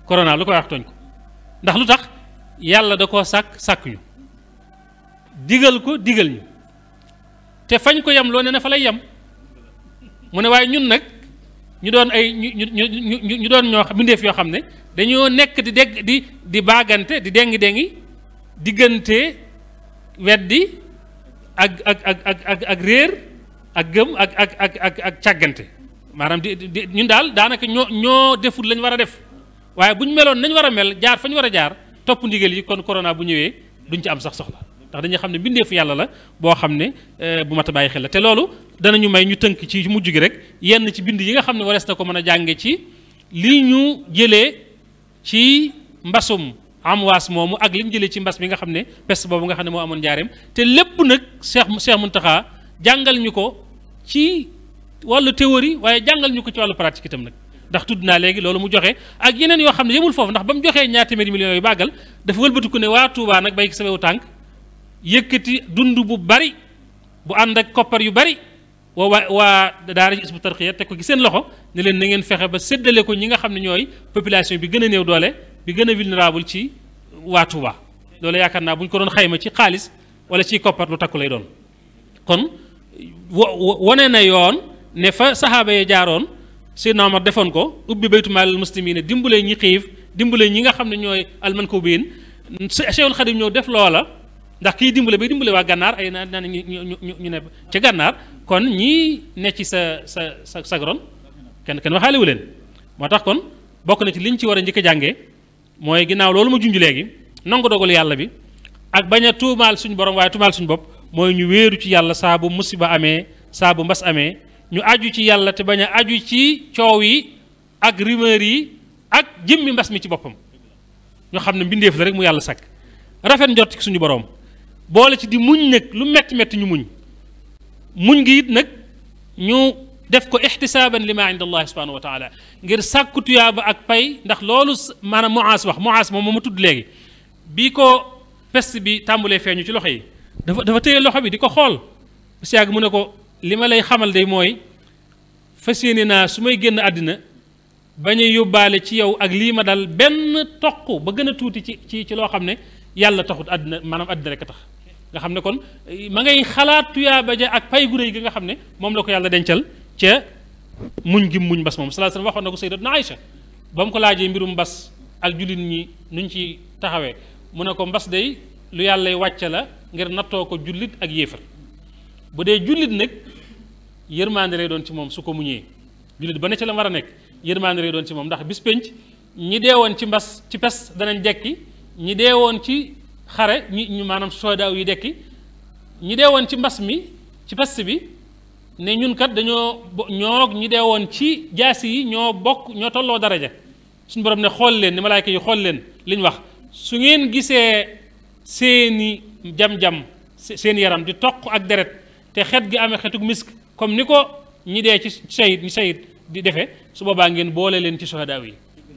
corona lu ko waay wax tooñ ko ndax lu tax yàlla da koo sàkk sàkk ñu digal ko digal ñu te fañ ko yam loo ne na fa lay yam mu ne waaye ñun nag ñu doon ay ñu ñu ñu ñu doon ñoo bindeef yoo xam ne dañoo nekk di dégg di di bàggante di déngi déngi diggante weddi ak ak ak ak ak ak réer ak gëm ak ak ak ak ak càggante maanaam di di ñun daal daanaka ñoo ñoo deful lañ war a def waaye bu ñu meloon nañu war a mel jaar fa ñu war a jaar topp ndigal yi kon corona bu ñëwee duñ ci am sax soxla. ndax dañuy xam ne bindeefu yàlla la boo xam ne euh, bu mat a bàyyi xel la te loolu ñu may ñu tënk ci mujj gi rek yenn ci bind yi nga xam ne warees na ko mën a jànge ci li ñu jëlee ci mbasum amwaas moomu ak li ñu jëlee ci mbas mi nga xam ne peste boobu nga xam ne moo amoon njaareem te lépp nag Cheikh Cheikh Mountakha jàngal ñu ko ci wàllu théorie waaye jàngal ñu ko ci wàllu pratique itam nag ndax tudd naa léegi loolu mu joxe ak yeneen yoo xam ne yemul foofu ndax ba mu joxee ñaar téeméeri million yu bàggal dafa wëlbatiku ne waa Touba nag bay ki sa wewu tànk yëkkati dund bu bari bu ànd ak koppar yu bari waa waa waa daara ji isbu tarxiya teg ko ci seen loxo ne leen na ngeen fexe ba séddale ko ñi nga xam ne ñooy population bi gën a néew doole bi gën a vulnérable ci waa loolu yaakaar naa bu ñu ko doon xayma ci xaalis wala ci koppar lu takku lay doon kon wone na yoon ne fa saxaaba ya jaaroon Seydina Omar defoon ko ubbi baytu maalil muslimiin dimbale ñi xiif dimbale ñi nga xam ne ñooy almankubiin Cheikhul Xadim ñëw def loola ndax kiy dimbale bay dimbale waa gànnaar ay naan na ñu ñu ñu ne ca gànnaar kon ñii ne ci sa sa sa sagroon kenn kenn waxaale wu leen moo tax kon bokk na ci liñ ci war a njëkk a jàngee mooy ginnaaw loolu ma junj léegi nangu dogalu yàlla bi ak bañ a tuumaal suñu borom waaye tuumaal suñu bopp mooy ñu wéeru ci yàlla saa bu musiba amee saa bu mbas amee ñu aju ci yàlla te bañ a aju ci coow yi ak rumeur yi ak jëmmi mbas mi ci boppam ñu xam ne mbindeef la rek mu yàlla sakk rafet njort ci suñu borom. boole ci di muñ nag lu metti metti ñu muñ muñ ngi it nag ñu def ko ixtisaaban li ma inda allahi subhanahu ngir sàkku tuyaaba ak pay ndax loolu maanaam moaas wax moaas moom ma tudd léegi bi ko pest bi tàmbulee feeñu ci loxo yi dafa dafa téye loxo bi di ko xool si yàgg mu ne ko li ma lay xamal day mooy fas yéene naa su may génn àddina bañ yóbbaale ci yow ak lii ma dal benn toq ba gën a tuuti ci ci ci loo xam ne yàlla taxut àddina maanaam àddina rek a tax nga xam ne kon ma ngay xalaat tuyaaba ja ak pay gu réy gi nga xam ne moom la ko yàlla dencal ca muñ gi muñ bas moom sallallahu alayhi wasallam waxoon na ko sayyidatuna Aïcha ba mu ko laajee mbirum mbas ak jullit ñi nuñ ci taxawee mu ne ko mbas day lu yàllay wàcce la ngir nattoo ko jullit ak yéefar bu dee jullit nag yërmaande lay doon ci moom su ko muñee jullit ba ne ci la war a nekk yërmaande lay doon ci moom ndax bis penc ñi woon ci mbas ci pes danañ jekki ñi deewoon xare ñu maanaam soodaaw yi dekki ñi dee woon ci mbas mi ci pest bi ne ñun kat dañoo ñoo ñi dee woon ci jaasi yi ñoo bokk ñoo tolloo daraja suñ borom ne xool leen ni malaayka yi xool leen liñ wax su ngeen gisee seeni jam-jam seen yaram di toq ak deret te xet gi amee xetuk misk comme ni ko ñi dee ci sayid ñi sayid di defee su baa ngeen boole leen ci soodaaw yi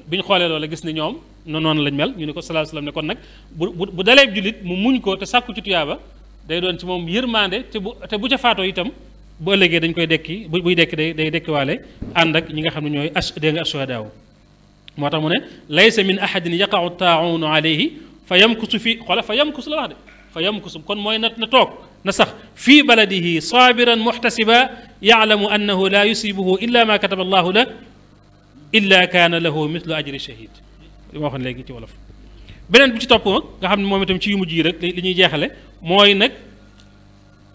bi ñu xoolee loola gis ni ñoom noonu lañ mel ñu ne ko sallallahu ne kon nag bu bu dalee jullit mu muñ ko te sàkku ci tuyaaba day doon ci moom yërmande te bu te bu ca faatoo itam bu ëllëgee dañ koy dekki bu buy dekki day day waale ànd ak ñi nga xam ne ñooy as dégg nga ashuhadaaw moo tax mu ne laysa min ahadin yaqau taaunu alayhi fa yam yamkusu fii xoola fa yamkusu la wax de fa yam yamkusu kon mooy na na toog na sax fii baladihi saabiran muxtasiba yaalamu annahu la yusibuhu illa ma kataba allahu la illa kaana lahu mislu ajri shahid li ma waxoon léegi ci wolof beneen bi ci topp nag nga xam ne moom itam ci yu mujj yi rek li ñuy jeexale mooy nag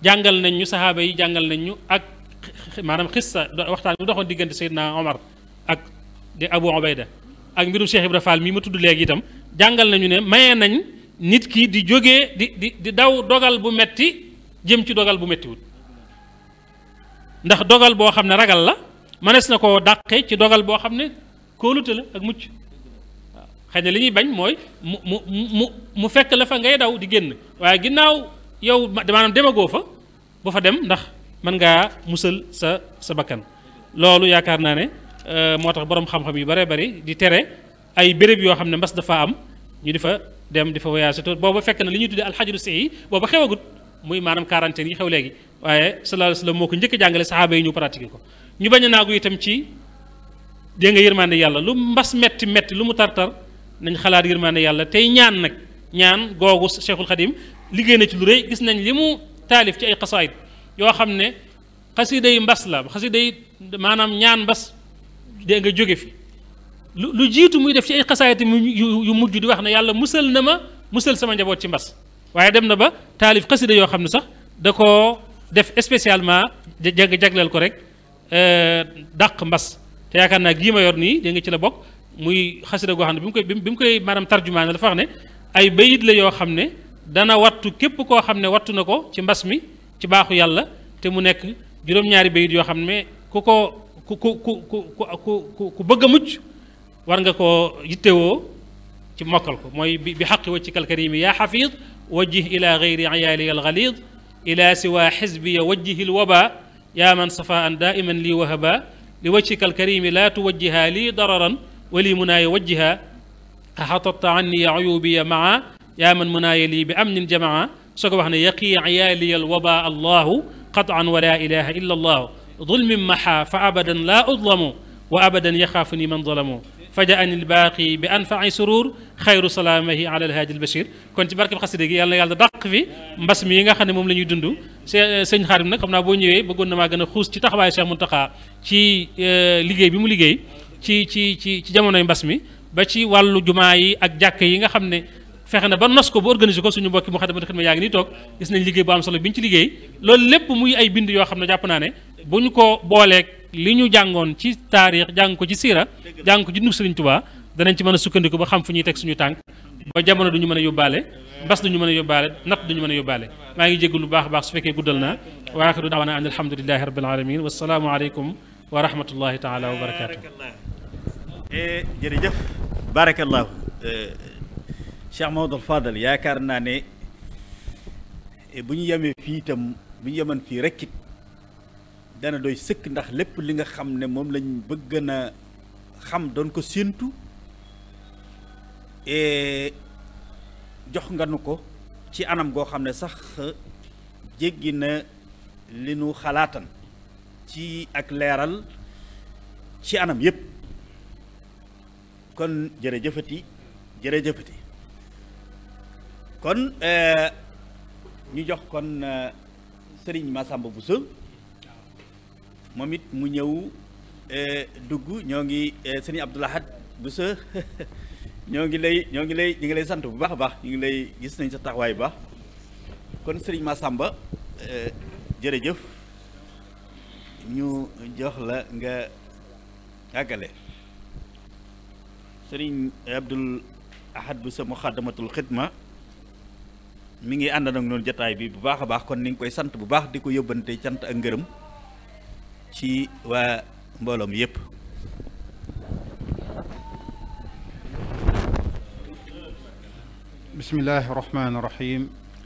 jàngal nañ ñu saxaaba yi jàngal nañ ñu ak maanaam xissa waxtaan bu doxoon diggante Seydina Omar ak de Abu Ubayda ak mbirum Cheikh Ibra Fall mii ma tudd léegi itam jàngal nañu ne maye nañ nit ki di jógee di di di daw dogal bu metti jëm ci dogal bu mettiwut ndax dogal boo xam ne ragal la mënees na ko dàqe ci dogal boo xam ne kóolute la ak mucc xaj xëy li ñuy bañ mooy mu mu mu mu fekk la fa ngay daw di génn waaye ginnaaw yow maanaam demagoo fa bu fa dem ndax man ngaa musal sa sa bakkan loolu yaakaar naa ne euh, moo tax borom xam-xam yu bare bari di tere ay béréb yoo xam ne mbas dafa am ñu di fa dem di fa voyage booba fekk na li ñuy tuddee alxajaru seyi booba xewagut muy maanaam quarantaine yi xew léegi waaye sallallahu alayhi wasallam moo ko njëkk jàngale saxaaba yi ñu pratiqué ko ñu bañ a naagu itam ci dégg nga yërmande yàlla lu mbas metti metti lu mu tartar nañ xalaat yërmande yàlla tey ñaan nag ñaan googu Cheikhul Khadim liggéey na ci lu rëy gis nañ li mu taalif ci ay xasaayit yoo xam ne xasida yi mbas la xasida yi maanaam ñaan mbas dégg nga jóge fi lu lu jiitu muy def ci ay xasaayit yu mujj di wax ne yàlla musal na ma musal sama njaboot ci mbas waaye dem na ba taalif xasida yoo xam ne sax da koo def spécialement jag jagleel ko rek euh, daq mbas te yaakaar naa gii ma yor nii da ci la bokk muy xasida goo xam ne bi mu koy bi mu koy maanaam tarjumaane dafa wax ne ay bayit la yoo xam ne dana wattu képp koo xam ne wattu na ko ci mbas mi ci baaxu yàlla te mu nekk juróom-ñaari bayit yoo xam ne ku ko ku ku ku ku ku bëgg a mucc war nga koo yittewoo ci mokkal ko mooy bi bi xaqi wacci kalkarimi yaa xafiid wajjih ila gayri ayaali al galid ila siwa xisbiya wajjihil waba yaa man safa an daiman lii wahaba li wajhika alkarimi laa tuwajjiha lii dararan wali munaaye wajjiha axatatta anni ya uyubiya maa yaa man munaaye lii bi amnin jamaa soo ko wax ne yaqii iyaaliya alwaba allahu qatan wa laa ilaha illa allahu dulmin maxa fa abadan laa udlamu wa abadan yaxaafuni man zalamu faja an ilbaaqi bi anfai surur xayru salaamahi ala alhaadi albashir kon ci barkeb xasida gi yàlla yàlla dàq fi mbas mi yi nga xam ne moom la ñuy dund sëñ xaarim nag xam naa boo ñëwee bëggoon na maa gën a xuus ci taxawaay Cheikh Mountakha ci euh, liggéey bi mu liggéey ci ci ci ci jamonoy mbas mi ba ci wàllu jumaa yi ak jàkk yi nga xam ne fexe na ba nos ko ba organiser ko suñu mbokki mu xadamata xidma yaa ngi nii toog gis nañ liggéey bu am solo yoo xam ne jàpp naa ne bu ñu ko li ñu jàngoon ci taarix jàng ko ci siira jàng ko ci dund Sëriñ Tuubaa danañ ci mën a sukkandiku ba xam fu ñuy teg suñu tànk ba jamono ñu mën a yóbbaale mbas ñu mën a yóbbaale natt duñu mën a yóbbaale maa ngi jégg lu baax a baax su fekkee guddal naa wa axiru daawana an alhamdulilahi rabbil alamin wasalaamu aleykum wa rahmatullahi taala wa barakaatu eh, jërëjëf barakallahu eh, Cheikh Maodo yaakaar naa ne eh, ñu yemee fii itam bu ñu yeman fii rekkit dana dooy sëkk ndax lépp li nga xam ne moom lañ bëgg na xam doon ko séentu jox nga nu ko ci anam goo xam ne sax jéggi na li nu xalaatan ci ak leeral ci anam yépp kon jërëjëfati jërëjëfati kon euh, ñu jox kon euh, sëriñ Massamba Bousso moom it mu ñëw eh, dugg ñoo ngi eh, sëriñ Abdoulahad Bousso ñoo ngi lay ñoo ngi lay ñu ngi lay sant bu baax a baax ñu ngi lay gis nañ sa taxawaay bu baax kon sëriñ Massamba eh, jërëjëf ñu jox la nga àggale sëriñ Abdoul Ahad Bousso Moukhaddamatoul Khidma mi ngi ànd ak noonu jataay bi bu baax a baax kon ni ngi koy sant bu baax di ko yóbbante cant ak ngërëm ci waa mbooloom yépp bismillahi irrahmani irrahim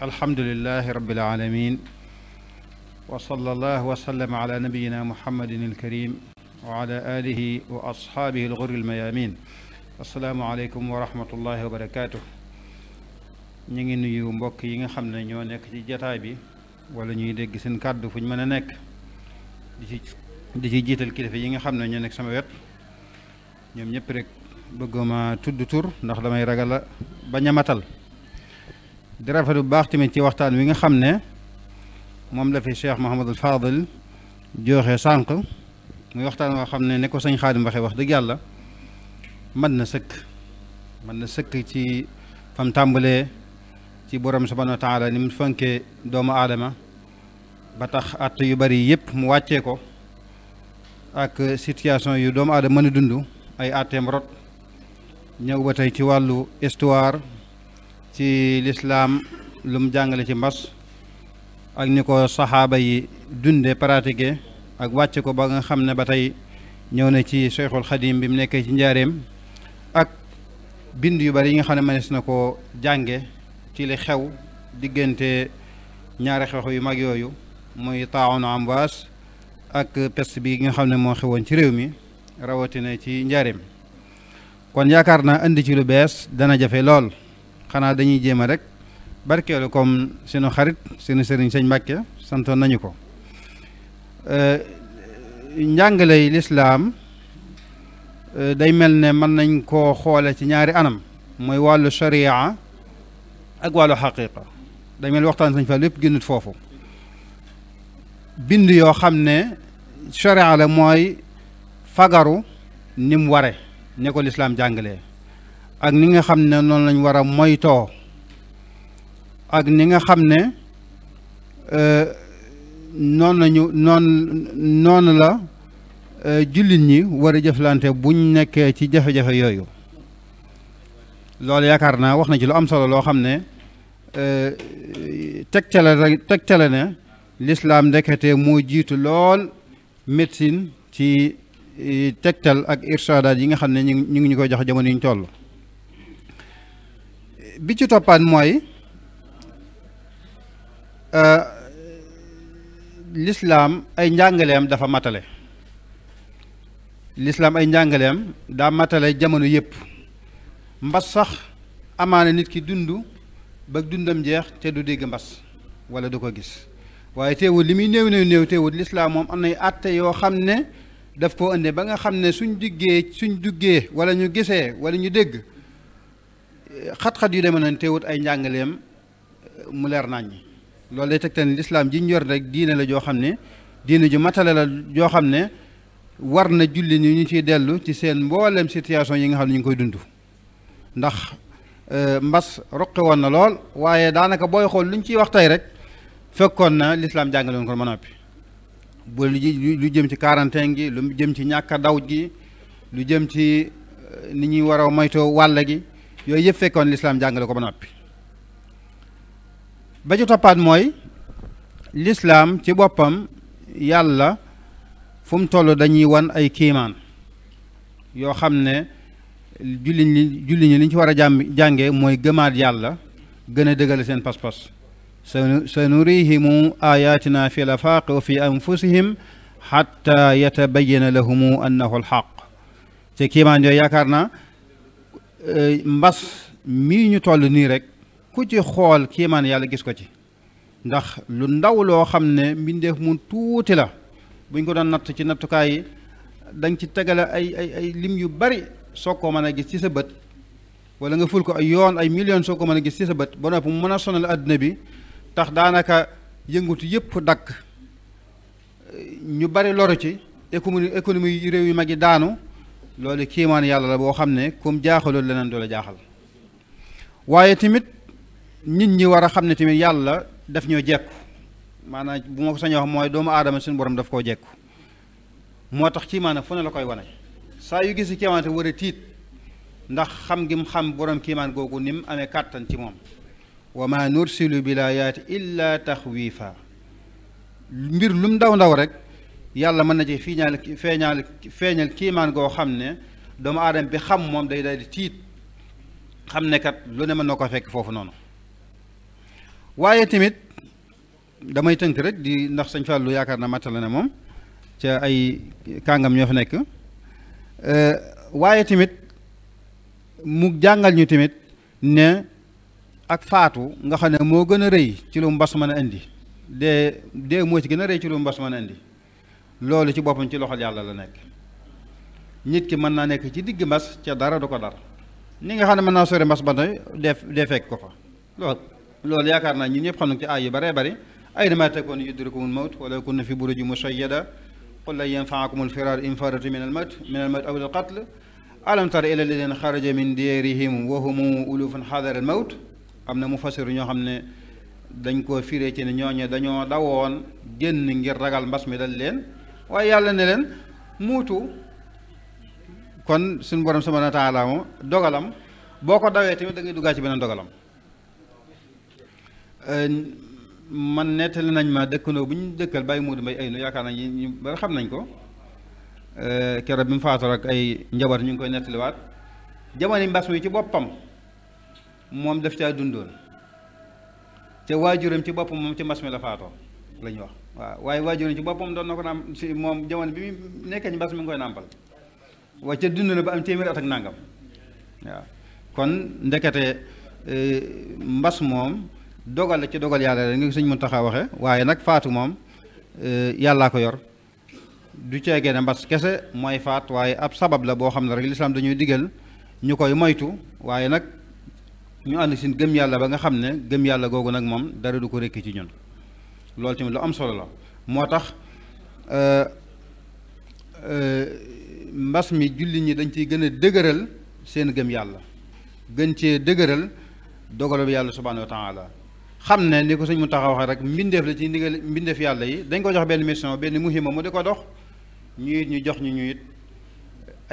alhamdulilahi rabbil alamin wa sallallahu wa sallama ala nabiyina muhammadin alkarim wa ala alihi wa ashaabihi alghurri almayamin assalaamu aleykum wa rahmatullahi wa barakatuh ñu ngi nuyu mbokk yi nga xam ne ñoo nekk ci jataay bi wala ñuy dégg seen kàddu fu ñu mën a nekk di ci di ci jiital kilifa yi nga xam ne ñoo nekk sama wet ñoom ñëpp rek bëgguma tudd tur ndax damay ragal a bañ a matal di bu baax tamit ci waxtaan wi nga xam ne moom la fi Cheikh Mouhamadul Fadil joxe sànq muy waxtaan woo xam ne ne ko sëñ Xaadim waxee wax dëgg yàlla mën na sëkk mën na sëkk ci fam tàmbalee ci borom subhanahu wa taala ni mu fonkee doomu aadama ba tax att yu bari yëpp mu wàccee ko ak situation yu doomu aada mën a dund ay atteem rot ñëw ba tey ci wàllu histoire ci lislaam lu mu jàngale ci mbas ak ni ko saxaaba yi dunde pratiqué ak wàcce ko ba nga xam ne ba tey ñëw na ci Cheikhul Xadim bi mu nekkee ci njaareem ak bind yu bari yi nga xam ne mënees na koo jànge ci li xew diggante ñaari xew yu mag yooyu muy taaxoon ambaas ak peste bi nga xam ne moo xewoon ci réew mi rawatina ci njaareem kon yaakaar naa indi ci lu bees dana jafe lool xanaa dañuy jéem a rek barkeelu comme sunu xarit sunu sëriñ sëñ Mbàkke santoon nañu ko njàngaley lislaam e, day mel ne mën nañ koo xoole ci ñaari anam mooy wàllu sharia ak wàllu xaqiqa day mel waxtaan sañ fa lépp génnut foofu bind yoo xam ne sharia mooy fagaru ni mu ware ne ko lislaam jàngalee ak ni nga xam ne noonu lañ war a moytoo ak ni nga xam ne euh, noonu lañu noon noonu la euh, jullit ñi war a jëflante buñ nekkee ci jafe-jafe yooyu loolu yaakaar naa wax na ci lu am solo loo xam ne euh, tegtale tegtale ne lislaam ndekete moo jiitu lool médecine ci e, tegtal ak irsaadaat yi nga xam ñu ngi ñu koy jox jamono yiñ toll bi ci toppaat mooy e, lislaam ay njàngaleem dafa matale lislaam ay njàngaleem daa matale jamono yépp mbas sax amaana nit ki dund ba dundam jeex te du dégg mbas wala du ko gis waaye teewul li muy néew néew néew teewul lislaam moom am nay àtte yoo xam ne daf koo indi ba nga xam ne suñ diggee suñ duggee wala ñu gisee wala ñu dégg xat-xat yu mën noonu teewut ay njàngaleem mu leer nañ loolu lay tegtal lislaam ji ñu yor rek diine la joo xam ne diine ju matale la joo xam ne war na julli ni ñu ciy dellu ci seen mboolem situation yi nga xam ne ñu ngi koy dund ndax eh, mbas roqe woon na lool waaye daanaka booy xool lu ñu ciy wax tey rek fekkoon na lislaam jàngale woon ko ba noppi bu jëm ci quarantaine gi lu jëm ci ñàkk a daw gi lu jëm ci euh, ni ñuy war a moytoo wàll gi yooyu yëpp fekkoon lislaam jàngale ko ba noppi ba ci toppaat mooy lislaam ci boppam yàlla fu mu dañuy wan ay kiimaan yoo xam ne julliñ li julliñ li ñu ci war a jàmm jànge mooy gëmaat yàlla gën a dëgale seen pas-pas sanurihim ayatina fi lafaq wa fi anfusihim xatta yatabayana lahumu annahu alxaq te kiimaan yooyu yaakaar naa e, mbas mii ñu toll nii rek ku ci xool kiimaan yàlla gis ko ci ndax lu ndaw loo xam ne mbindeef mu tuuti la buñ ko doon natt ci nattukaay yi dañ ci tegale ay ay ay lim yu bari soo ko mën a gis ci sa bët wala nga ful ko ay yoon ay million soo ko mën a gis ci sa bët ba noppi mu mën a sonal àddina bi tax daanaka yëngutu yëpp dakk ñu bari loru ci économie économie réew yu mag yi daanu loolu kiimaan yàlla la boo xam ne comme jaaxalul leneen du la jaaxal waaye tamit nit ñi war a xam ne tamit yàlla daf ñoo jekku maanaam bu ma ko sañoo wax mooy doomu aadama seen borom daf koo jekku moo tax kiimaana fu ne la koy wane saa yu gis kiimaante war a tiit ndax xam gi xam boroom kiimaan googu ni mu amee kàttan ci moom wa ma nursilu bil tax illa taxwiifa mbir lu mu ndaw ndaw rek yàlla mën na ci feeñal feeñaal feeñal kiimaan goo xam ne doomu aadama bi xam moom day daal di tiit xam ne kat lu ne mën na ko fekk foofu noonu waaye tamit damay tënk rek di ndax sëñ Fallou yaakaar na matal na moom ca ay kàngam ñoo fa nekk waaye tamit mu jàngal ñu tamit ne ak faatu nga xam ne moo gën a rëy ci lu mbas mën a indi dee dee moo ci gën a rëy ci lu mbas mën a indi loolu ci boppam ci loxol yàlla la nekk nit ki mën naa nekk ci digg mbas ca dara du ko dar ni nga xam ne mën naa sori mbas ba tey def dee fekk ko fa loolu loolu yaakaar naa ñun ñëpp xam nañ ci aay yu baree bari ayna maa takuunu yudrikkumul mawt wa law kuntum fii buruujin mushayyada qul lan yanfa'akumul firaaru in farartum minal mawt minal mawt aw al qatl alam tara ila am na mu fasiru ñoo xam ne dañ koo firee ci ne ñooñu dañoo dawoon génn ngir ragal mbas mi dal leen waaye yàlla ne leen muutu kon suñ borom subhaanahu wa taala moom dogalam boo ko dawee tamit da ngay ci beneen dogalam euh, man nettali nañ ma dëkkandoo bu ñu dëkkal bàyyi muudu mbay ay nu yaakaar nañ ñu ba xam nañ ko euh, keroog bi mu faatoo rek ay njaboot ñu ngi koy nettaliwaat jamono mbas mi ci boppam moom daf caa dundoon te waajuram ci boppam moom ci mbas mi la faatoo la wax waaw waaye waajuram ci boppam doon na ko naam si moom jamono bi mu nekkee ci mbas koy nàmpal waaye dund am téeméeri at ak nàngam waaw ndekete e, mbas moom dogal la ci dogal yàlla rek nga suñ mën taxaa waxe waaye nag faatu moom e, yàllaa ko yor du ceegee ne mbas kese mooy faat waaye ab sabab la boo xam ne rek lislaam dañuy digal ñu koy moytu waaye nag ñu ànd ak seen gëm yàlla ba nga xam ne gëm yàlla googu nag moom dara du ko rekk ci ñun loolu tamit lu am solo la moo tax euh, euh, mbas mi jullit ñi dañ ciy gën a dëgëral seen gëm yàlla gën cee dëgëral dogalu bi yàlla subhaanahu wa taala xam ne ni ko suñ mu taxaw waxee rek mbindeef la ci ndigal mbindeef yàlla yi dañ ko jox benn mission benn muhima mu di ko dox ñu it ñu jox ñu ñu it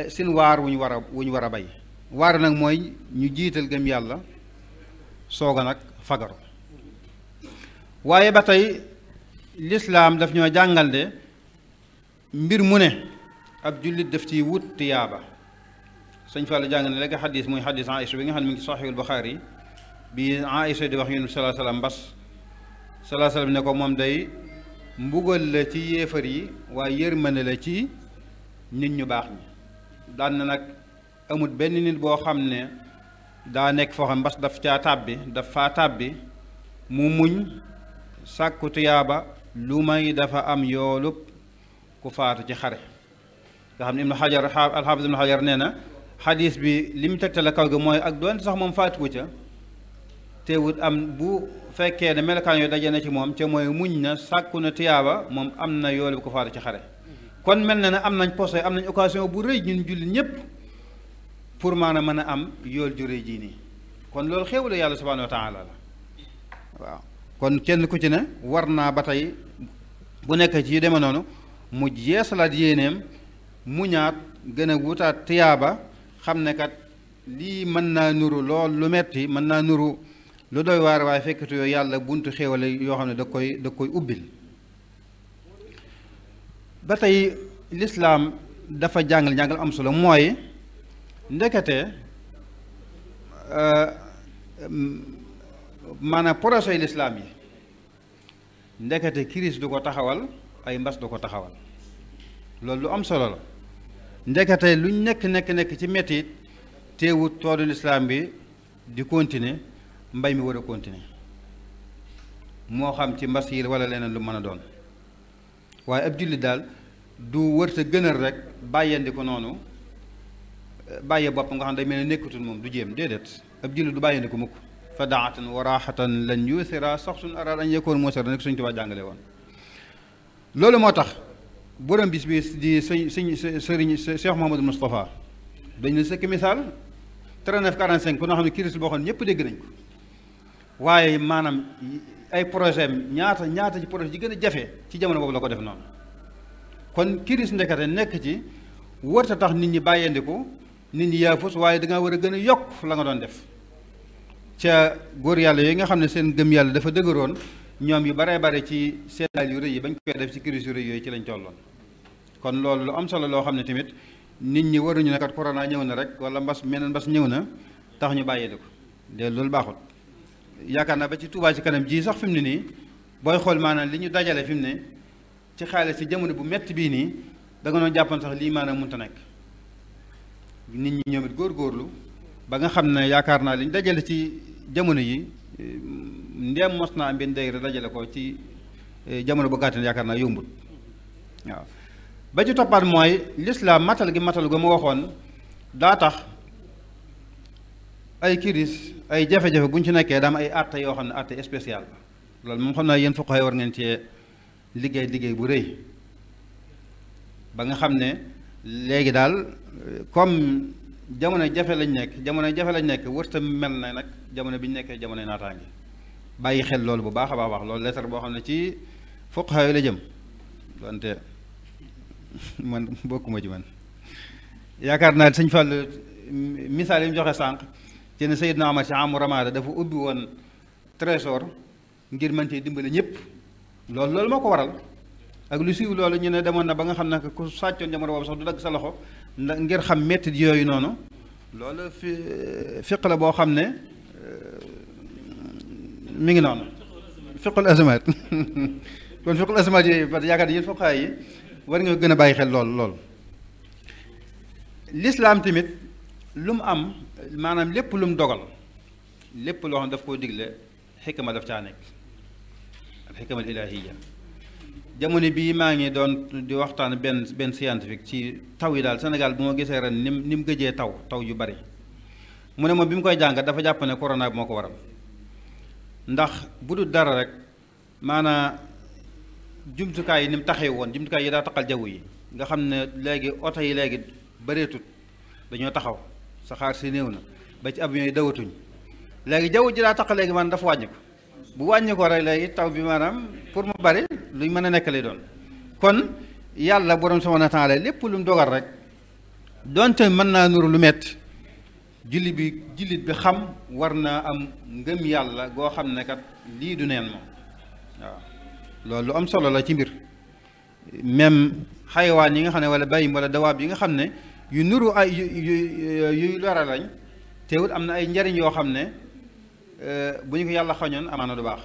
seen waar wu ñu war a wu war a bay waar nag mooy ñu jiital gëm yàlla soog nag fagaru waaye ba tey lislaam daf ñoo jàngal de mbir mu ne ab jullit def ciy wut tiyaaba sëñ Fallu jàng na léegi xadis muy xadis Aïcha bi nga xam ne mi ngi saxiihul Buxaari yi bi Aïcha di wax yéen salaa salaam mbas salaa salaam ne ko moom day mbugal la ci yéefar yi waaye yërmande la ci nit ñu baax ñi daan na nag amut benn nit boo xam ne daa nekk foo xam mbas daf caa tàbbi daf faa tàbbi mu muñ sàkku tuyaaba lu may dafa am yoolub ku faatu ci xare nga xam ne ibnu xajar alxaafis ibnu xajar nee na xadis bi li mu tegtale kaw gi mooy ak doonte sax moom faatuku ca te wut am bu fekkee ne melokaan yooyu daje na ci moom ca mooy muñ na sàkku na tuyaaba moom am na yoolub ku faatu ci xare kon mel na ne am nañ posé am nañ occasion bu rëy ñun jullit ñëpp pour maa na mën a am yool jure jii nii kon loolu xéew la yàlla subhaanahu wa taala la waaw kon kenn ku ci ne war naa ba tey bu nekk ci yu demee noonu mu yeesalaat yéeneem mu ñaat gën a wutaat tiyaaba xam ne kat lii mën naa nuru lool lu metti mën naa nuru lu dooy waar waaye fekkitu yooyu yàlla buntu xéewale yoo xam ne da koy da koy ubbil ba tey lislaam dafa jàngal jàngal am solo mooy ndekete euh, maanaam projet lislaam yi ndekete crise du ko taxawal ay mbas du ko taxawal loolu lu am solo la ndekete luñ nekk nekk nekk ci mettit teewut toolu lislaam bi di continuer mbay mi war a continuer moo xam ci mbas yi wala leneen lu mën a doon waaye ab jullit daal du wërta gënal rek bàyyeendi ko noonu bàyyee bopp nga xam day mel ne nekkatul moom du jéem déedéet ab jullit du bàyyi ne ko mukk fa daatan wa raaxatan lan yuusira soxsun araad an yekoon moo sera nekk suñ tubaa jàngale woon loolu moo tax borom bis bi di sëñ sëñ sëriñ Cheikh Mouhamadou Moustapha dañ ne sëkk misaal 39 45 ku xam ne kiris boo xam ne ñëpp dégg nañ ko waaye maanaam ay projet ñaata ñaata ci projet yi gën a jafe ci jamono boobu la ko def noonu kon kiris ndekete nekk ci wërta tax nit ñi ko nit ñi yaa fus waaye da war a gën a yokk la nga doon def ca góor yàlla yooyu nga xam ne seen gëm yàlla dafa dëgëroon ñoom yu baree bare ci seedaal yu rëy yi bañ koy def ci crise yu rëy yooyu ci lañ tolloon kon loolu lu am solo loo xam ne tamit nit ñi waruñu ne kat corona ñëw na rek wala mbas meneen mbas ñëw na tax ñu bàyyee di ko loolu baaxut yaakaar naa ba ci Touba ci kanam jii sax fi ne nii booy xool maanaam li ñu dajale fi mu ne ci xaalis ci jamono bu metti bii nii da nga doon jàppoon sax lii maanaam mënta nekk nit ñi ñoom it góorlu ba nga xam ne yaakaar naa liñ dajale ci jamono yi eh, ndéem mos naa mbind day dajale ko ci eh, jamono bu gàtt yaakaar naa yombul waaw ba ci toppaat mooy lislaam matal gi matal gu ma waxoon daa tax ay kiris ay jafe-jafe bu ñu ci nekkee daam ay àtte yoo xam ne àtte spécial la loolu moom xam naa yéen fuqahaa war ngeen cee liggéey liggéey bu rëy ba nga xam ne léegi daal comme jamono jafe lañ nekk jamono jafe lañ nekk wërta mel na nag jamono bi ñu nekkee jamono naataange bàyyi xel loolu bu baax a baax loolu lettre boo xam ne ci fuqaha yi la jëm donte man bokkuma ci man yaakaar naa sëñ Fall misaal yi mu joxe sànq ci ne naa Omar ci amu Ramada dafa ubbi woon trésor ngir mën cee dimbale ñëpp loolu loolu moo ko waral ak lu siiw loolu ñu ne demoon na ba nga xam ne ku sàccoon jamono boobu sax du dagg sa loxo ndax ngir xam métti yooyu noonu loolu fi fiq la boo xam ne euh, mi ngi noonu fiqul azmaat kon fiqul azmaat yooyu parce que yaakaar yéen fuqahaa yi war nga gën a bàyyi xel lool lool lislaam tamit lu mu am maanaam lépp lu mu dogal lépp loo xam daf koo digle xikma daf caa nekk al xikma ilaahiya jamono bii maa ngi doon di waxtaan benn benn scientifique ci taw yi daal Sénégal bi ma gisee ren ni mu ni mu gëjee taw taw yu bari mu ne ma bi mu koy jàngat dafa jàpp ne corona moo ko waral ndax bu dul dara rek maanaa jumtukaay yi ni mu taxee woon jumtukaay yi daa taxal jaww yi nga xam ne léegi oto yi léegi bëreetut dañoo taxaw saxaar si néew na ba ci avion yi dawatuñ léegi jaww ji daa tax léegi man dafa wàññi bu wàññi ko rek léegi taw bi maanaam pour mu bari luñ mën a nekk lay doon kon yàlla borom subhaanahu wa taala lépp lu mu dogal rek donte mën naa nuru lu metti julli bi jullit bi xam war naa am ngëm yàlla goo xam ne kat lii du neen moom waaw loolu lu am solo la ci mbir même xayawaan yi nga xam ne walla bàyyi wala dawaab yi nga xam ne yu nuru ay yu yu yu lora lañ teewul am na ay njariñ yoo xam ne bu ñu ko yàlla xañoon amaana du baax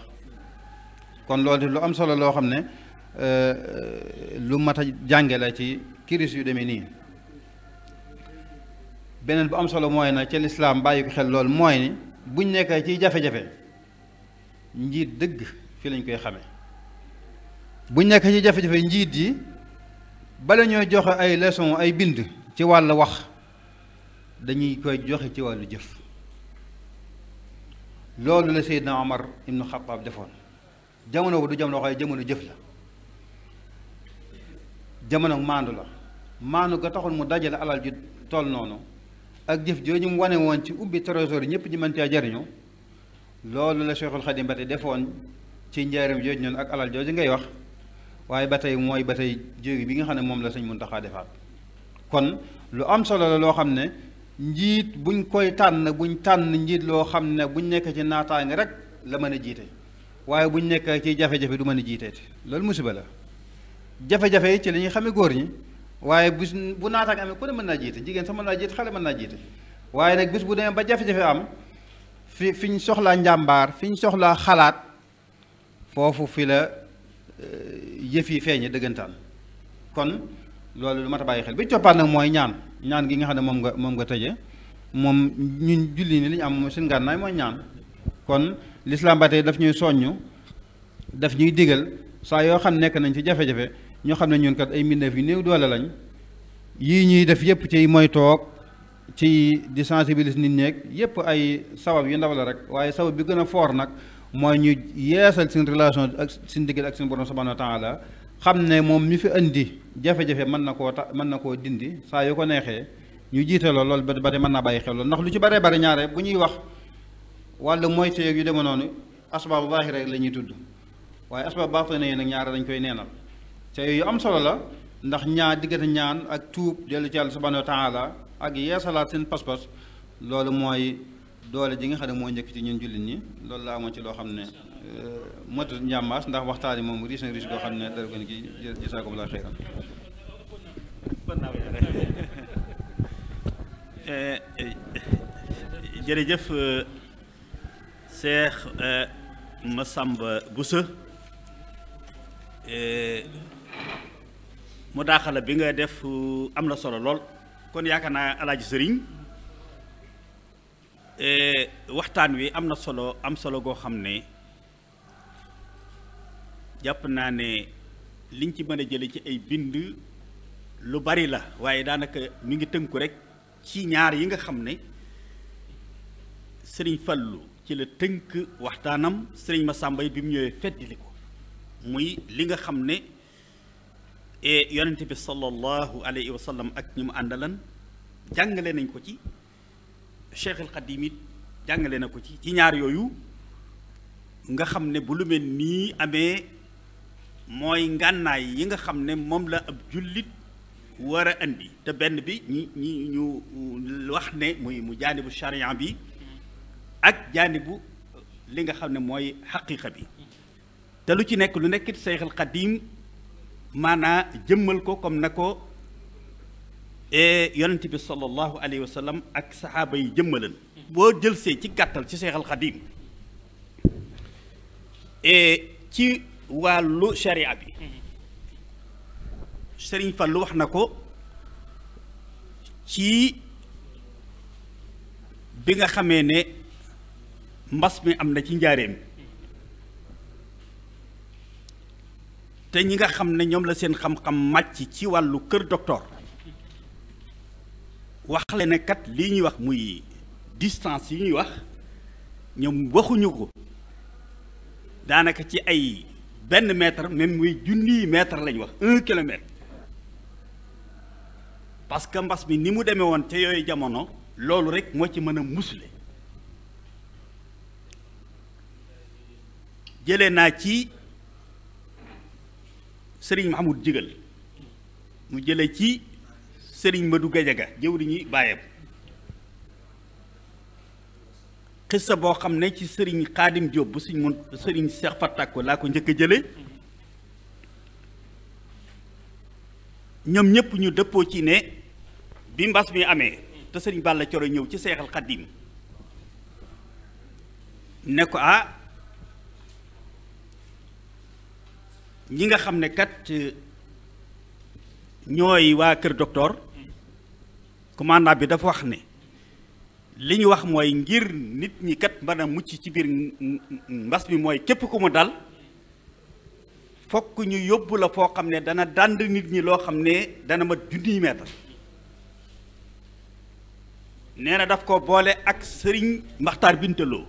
kon loolu lu am solo loo xam ne euh, lu mat a jànge la ci kiris yu demee nii beneen bu am solo mooy na ca lislaam bàyyi ko xel lool mooy ni buñ nekk ci jafe-jafe njiit dëgg fii lañ koy xamee buñ nekk ci jafe njiit yi bala ñoo joxe ay leçon ay bind ci wàll wax dañuy koy joxe ci wàllu jëf loolu la Seydina Omar ibnu Xattaab defoon jamono bu du jamono waxee jamono jëf la jamono maandu la maandu ga taxul mu dajale alal ju toll noonu ak jëf jooju mu wane woon ci ubbi trésor ñëpp ñi mën cee jariñu loolu la Cheikhul Xadim ba defoon ci njaaram jooj noonu ak alal jooju ngay wax waaye ba tey mooy ba tey jóge bi nga xam ne moom la Sëñ Muntaxa defaat kon lu am solo la loo xam ne njiit buñ koy tànn buñ tànn njiit loo xam ne buñ nekk ci naataange rek la mën a jiite waaye buñ nekk ci jafe-jafe du mën a jiite loolu musiba la jafe-jafe yi ci la ñuy xamee góor ñi waaye bis bu naataange amee ku ne mën naa jiite jigéen sax mën naa jiite xale mën naa jiite waaye nag bis bu demee ba jafe-jafe am fi fi ñu soxlaa njàmbaar fi ñu soxlaa xalaat foofu fi la eh, yëf yi feeñe dëggantaan kon loolu lu mat a bàyyi xel bi coppaat nag mooy ñaan ñaan gi nga xam ne moom nga moom nga tëje moom ñu julli ni li am moom suñu ngànnaay mooy ñaan kon lislaam ba tey daf ñuy soññu daf ñuy digal saa yoo xam nekk nañ ci jafe-jafe ñoo xam ne ñun kat ay mbindeef yu néew doole lañ yii ñuy def yépp ci mooy toog ci di sensibiliser nit ñeeg yépp ay sabab yu ndaw la rek waaye sabab bi gën a foor nag mooy ñu yeesal seen relation ak seen digal ak seen borom subhanahu wa taala xam ne moom mi fi indi jafe-jafe mën na koo tax mën na koo dindi saa yu ko neexee ñu jiitaloo loolu ba bari mën naa bàyyi xel ndax lu ci baree bari ñaaree bu ñuy wax wàllu moytu yeeg yu deme noonu bu zaahira rek la ñuy tudd waaye asbaabu baatina yi nag ñaare dañ koy neenal te yu am solo la ndax ñaar diggante ñaan ak tuub dellu ci yàlla subhaanahu wa taala ak yeesalaat seen pas-pas loolu mooy doole ji nga xam ne moo njëkk ci ñun jullit ñi loolu laa amoon ci loo xam ne Euh, matut njàmbaas ndax waxtaan yi moom riis na riis goo xam ne dara gën gi jisaakum la xeyran jërëjëf Seex euh, euh, Masamba Buso eh, mu daaxala bi nga def am na solo lool kon yaakaar naa alaaji sëriñ eh, waxtaan wi am na solo am solo goo xam ne jàpp naa ne liñ ci mën a jële ci ay bind lu bari la waaye daanaka mu ngi tënku rek ci ñaar yi nga xam ne sëriñ Fallu ci la tënk waxtaanam sëriñ Masamba bi mu ñëwee feddili ko muy li nga xam ne e yonent bi sallallahu alayhi wa ak ñi mu àndalan jàngale nañ ko ci Cheikh al jàngale na ko ci ci ñaar yooyu nga xam ne bu lu mel nii amee mooy ngànnaay yi nga xam ne moom la ab jullit war indi te benn bi ñu wax ne muy mu jaanibu charia bi ak jaanibu li nga xam ne mooy xaqiqa bi te lu ci nekk lu nekkit Seyxul Xadiim maanaa jëmmal ko comme na ko e, yonent bi sallallahu alayhi wa ak saxaaba yi jëmmalan boo jëlsee ci gàttal ci Seyxul Xadiim e, ci wàllu sharia bi mm-hmm. sëriñ Fallu wax na ko ci bi nga xamee ne mbas mi am na ci njaareem te ñi nga xam ne ñoom la seen xam-xam màcc ci wàllu kër docteur wax na kat lii ñuy wax muy distance yi ñuy wax ñoom waxuñu ko daanaka ci ay benn mètre même muy junniy mètre lañ wax un kilomètre parce que mbas bi ni mu demee woon ca yooyu jamono loolu rek moo ci mën a musle jëlee naa ci sëriñ Mahamoud Jigal mu jële ci sëriñ Madou Gajaga ñuy bàyyam xissa boo xam ne ci sëriñ xaadim Diop bu suñ mun sëriñ Cheikh ko laa ko njëkk a ñoom ñëpp ñu dëppoo ci ne bi mbas mi amee te sëriñ Balla Coro ñëw ci seexal xaddim ne ko ah ñi nga xam ne kat ñooy waa kër docteur commandant bi dafa wax ne li ñu wax mooy ngir nit ñi kat mën mucc ci biir mbas mi mooy képp ku ma dal fokk ñu yóbbu la foo xam ne dana dànd nit ñi loo xam ne dana ma junniy meetar nee na daf ko boole ak sëriñ Maxtaar Bintaloo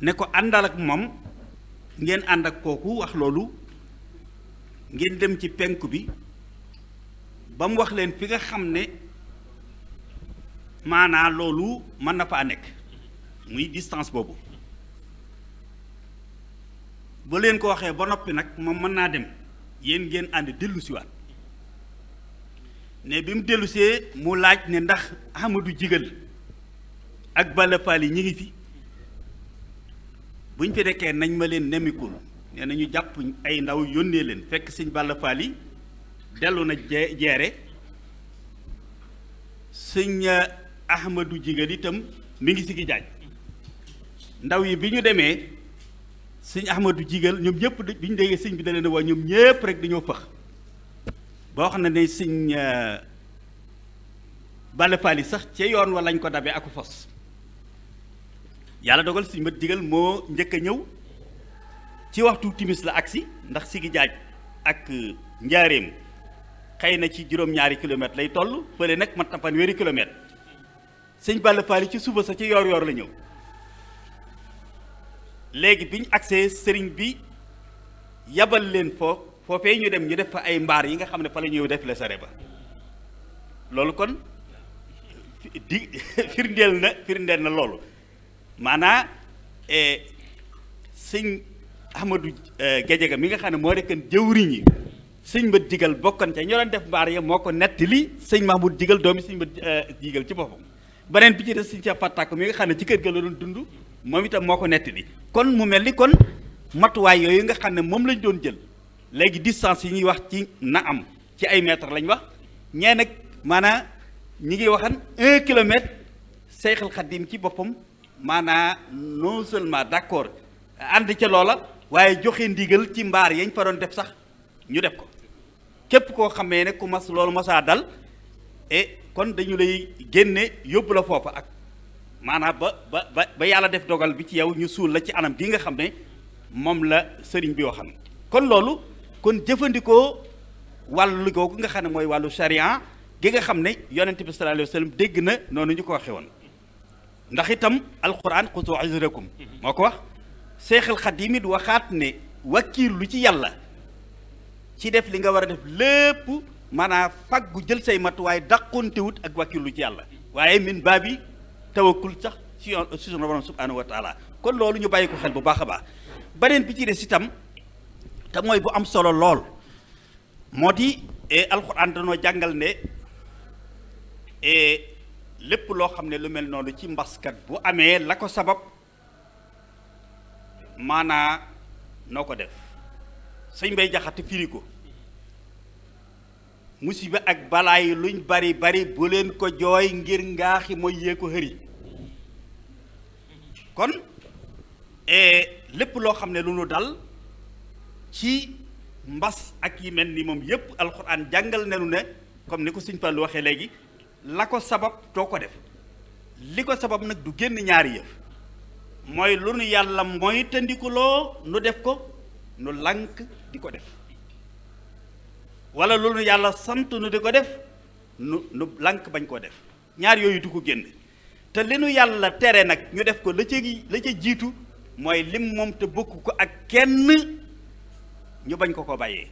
ne ko àndal ak moom ngeen ànd ak kooku wax loolu ngeen dem ci penku bi ba mu wax leen fi nga xam ne maanaa loolu mën na faa nekk muy distance boobu ba leen ko waxee ba noppi nag ma mën naa dem yéen ngeen ànd dellu siwaat ne bi mu dellusee mu laaj ne ndax ama du Jigal ak Balla Fall yi ñi ngi fi buñ fi nekkee nañ ma leen nemikul nee nañu jàpp ay ndaw yónnee leen fekk sëñ Balla Fall yi dellu na jeere sëñ Ahmadou Jigal itam mi ngi siggi jaaj ndaw yi bi ñu demee sëñ Ahmadou Jigal ñoom ñëpp bi ñu déggee sëñ bi da leen waa ñoom ñëpp rek dañoo fëx boo xam ne ne sëñ euh, Balla Fally sax cee yoon wa lañ ko dabee aku fos yàlla dogal sëñ mat Jigal moo njëkk a ñëw ci waxtu timis la agsi ndax sigi jaaj ak euh, njaareem xëy na ci juróom-ñaari kilomètre lay toll fële nag mat na fanweeri kilomètre sëñ Balla Faali ci suba sa ci yoor yoor la ñëw léegi biñ agsee sëriñ bi yabal leen foofu foofee ñu dem ñu def fa ay mbaar yi nga xam ne fa la ñuy def la sare ba loolu kon di firndeel na firndeel na loolu maanaa e, sëñ Ahmadou e, Gajega mi nga xam ne moo rekkan jëwriñ yi sëñ ma digal bokkan ca ñoo doon def mbaar ya moo ko nett li sëñ Mahmoud digal doomi sëñ ma e, digal ci boppam beneen bi ci des suñu Cheikh nga xam ne ci kër gi la doon dund moom itam moo ko nettali kon mu mel ni kon matuwaay yooyu nga xam ne moom lañu doon jël léegi distance yi ñuy wax ci na am ci ay mètres lañ wax ñee nag maanaa ñi ngi waxan un kilomètre Seyxul Xadim ci boppam maanaa non seulement d'accord ànd ca loola waaye joxe ndigal ci mbaar yañ fa doon def sax ñu def ko képp koo xamee ne ku mas loolu masaa dal kon dañu lay génne yóbbu la foofa ak maanaam ba ba ba yàlla def dogal bi ci yow ñu suul la ci anam gi nga xam ne moom la sëriñ bi waxam kon loolu kon jëfandikoo wàll googu nga xam ne mooy wàllu charia gi nga xam ne yonent bi sallallahu alayhi dégg na noonu ñu ko waxee woon ndax itam alquran xuzu izrakum moo ko wax seexal xadim waxaat ne wakiir lu ci yàlla ci def li nga war a def lépp maanaa faggu jël say matuwaay wut ak wakkilu ci yàlla waaye min baabi tawakkul sax si si sunu borom subhanahu wa taala kon loolu ñu bàyyi ko xel bu baax a baax beneen bi ci des tam te mooy bu am solo lool moo di e, alxuraan danoo jàngal ne e, lépp loo xam ne lu mel noonu ci mbaskat bu amee la ko sabab maanaa noo ko def sëñ bay jaxat firi ko musiba ak balaa yi luñ bari bari bu leen ko jooy ngir ngaaxi mooy yee ko xëri kon e, lépp loo xam ne lu nu dal ci mbas ak yi mel ni moom yépp alxuraan jàngal nenu ne comme ni ko Sëñ Fallu waxee léegi la ko sabab too ko def li ko sabab nag du génn ñaari yëf mooy lu nu yàlla mooy tandikuloo nu def ko nu lànk di ko def wala loolu yàlla sant nu di ko def nu nu lànk bañ koo def ñaar yooyu du ko génn te li nu yàlla tere nag ñu def ko la ca la ca jiitu mooy lim moom te bokk ko ak kenn ñu bañ ko ko bàyyee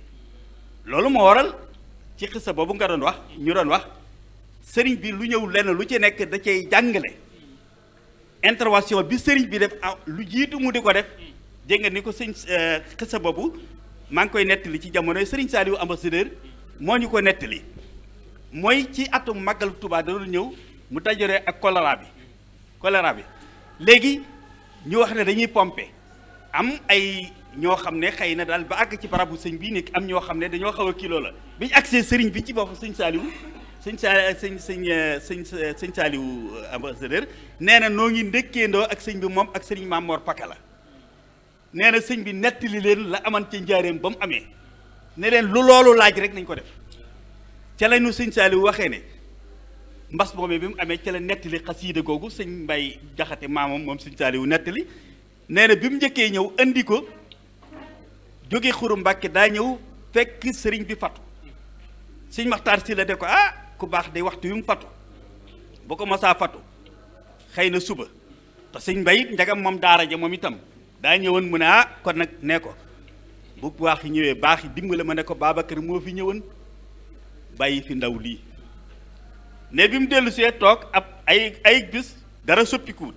loolu moo waral ci xisa boobu nga doon wax ñu doon wax sëriñ bi lu ñëw lenn lu ci nekk da cay jàngale intervention bi sëriñ bi def aw ah, lu jiitu mu di ko def dégg ni ko sëñ eh, xisa boobu maa ngi koy nettali ci jamonoy Serigne Saliou ambassadeur moo ñu ko nettali mooy ci atumu màggal Touba da ñëw mu tajoree ak choléra bi choléra bi léegi ñu wax ne dañuy pompe am ay ñoo xam ne xëy na daal ba àgg ci barabu sëñ bii nekk am ñoo xam ne dañoo xaw a kilo la bi ñu agsee sëriñ bi ci boppam sëñ Saliou sëñ sa sëñ sëñ euh, sëñ sëñ Saliou euh, ambassadeur nee na noo ngi ndékkeendoo ak sëñ bi moom ak sëriñ Mamor Paka la nee na sëñ bi nettali leen la aman ci njaareem ba mu amee ne leen lu loolu laaj rek nañ ko def ca la ñu sëñ Saaliw waxee ne mbas boobee bi mu amee ca la nettali xasiida googu sëñ Mbay Jaxate maamam moom sëñ Saaliw nettali nee na bi mu njëkkee ñëw andi ko jóge xuru Mbàkke daa ñëw fekk sëriñ bi fatu sëñ Maxtaar si la de ko ah, ku baax day waxtu yu mu fatu bu ko masaa fatu xëy na suba te sëñ Mbay ndegam moom daara ja moom itam daa ñëwoon mu ne ah kon nag ne ko bu waax yi ñëwee baax yi dimbale ma ne ko Babacar moo fi ñëwoon bàyyi fi ndaw lii ne bi mu dellu see toog ab ay ay bis dara soppikuwul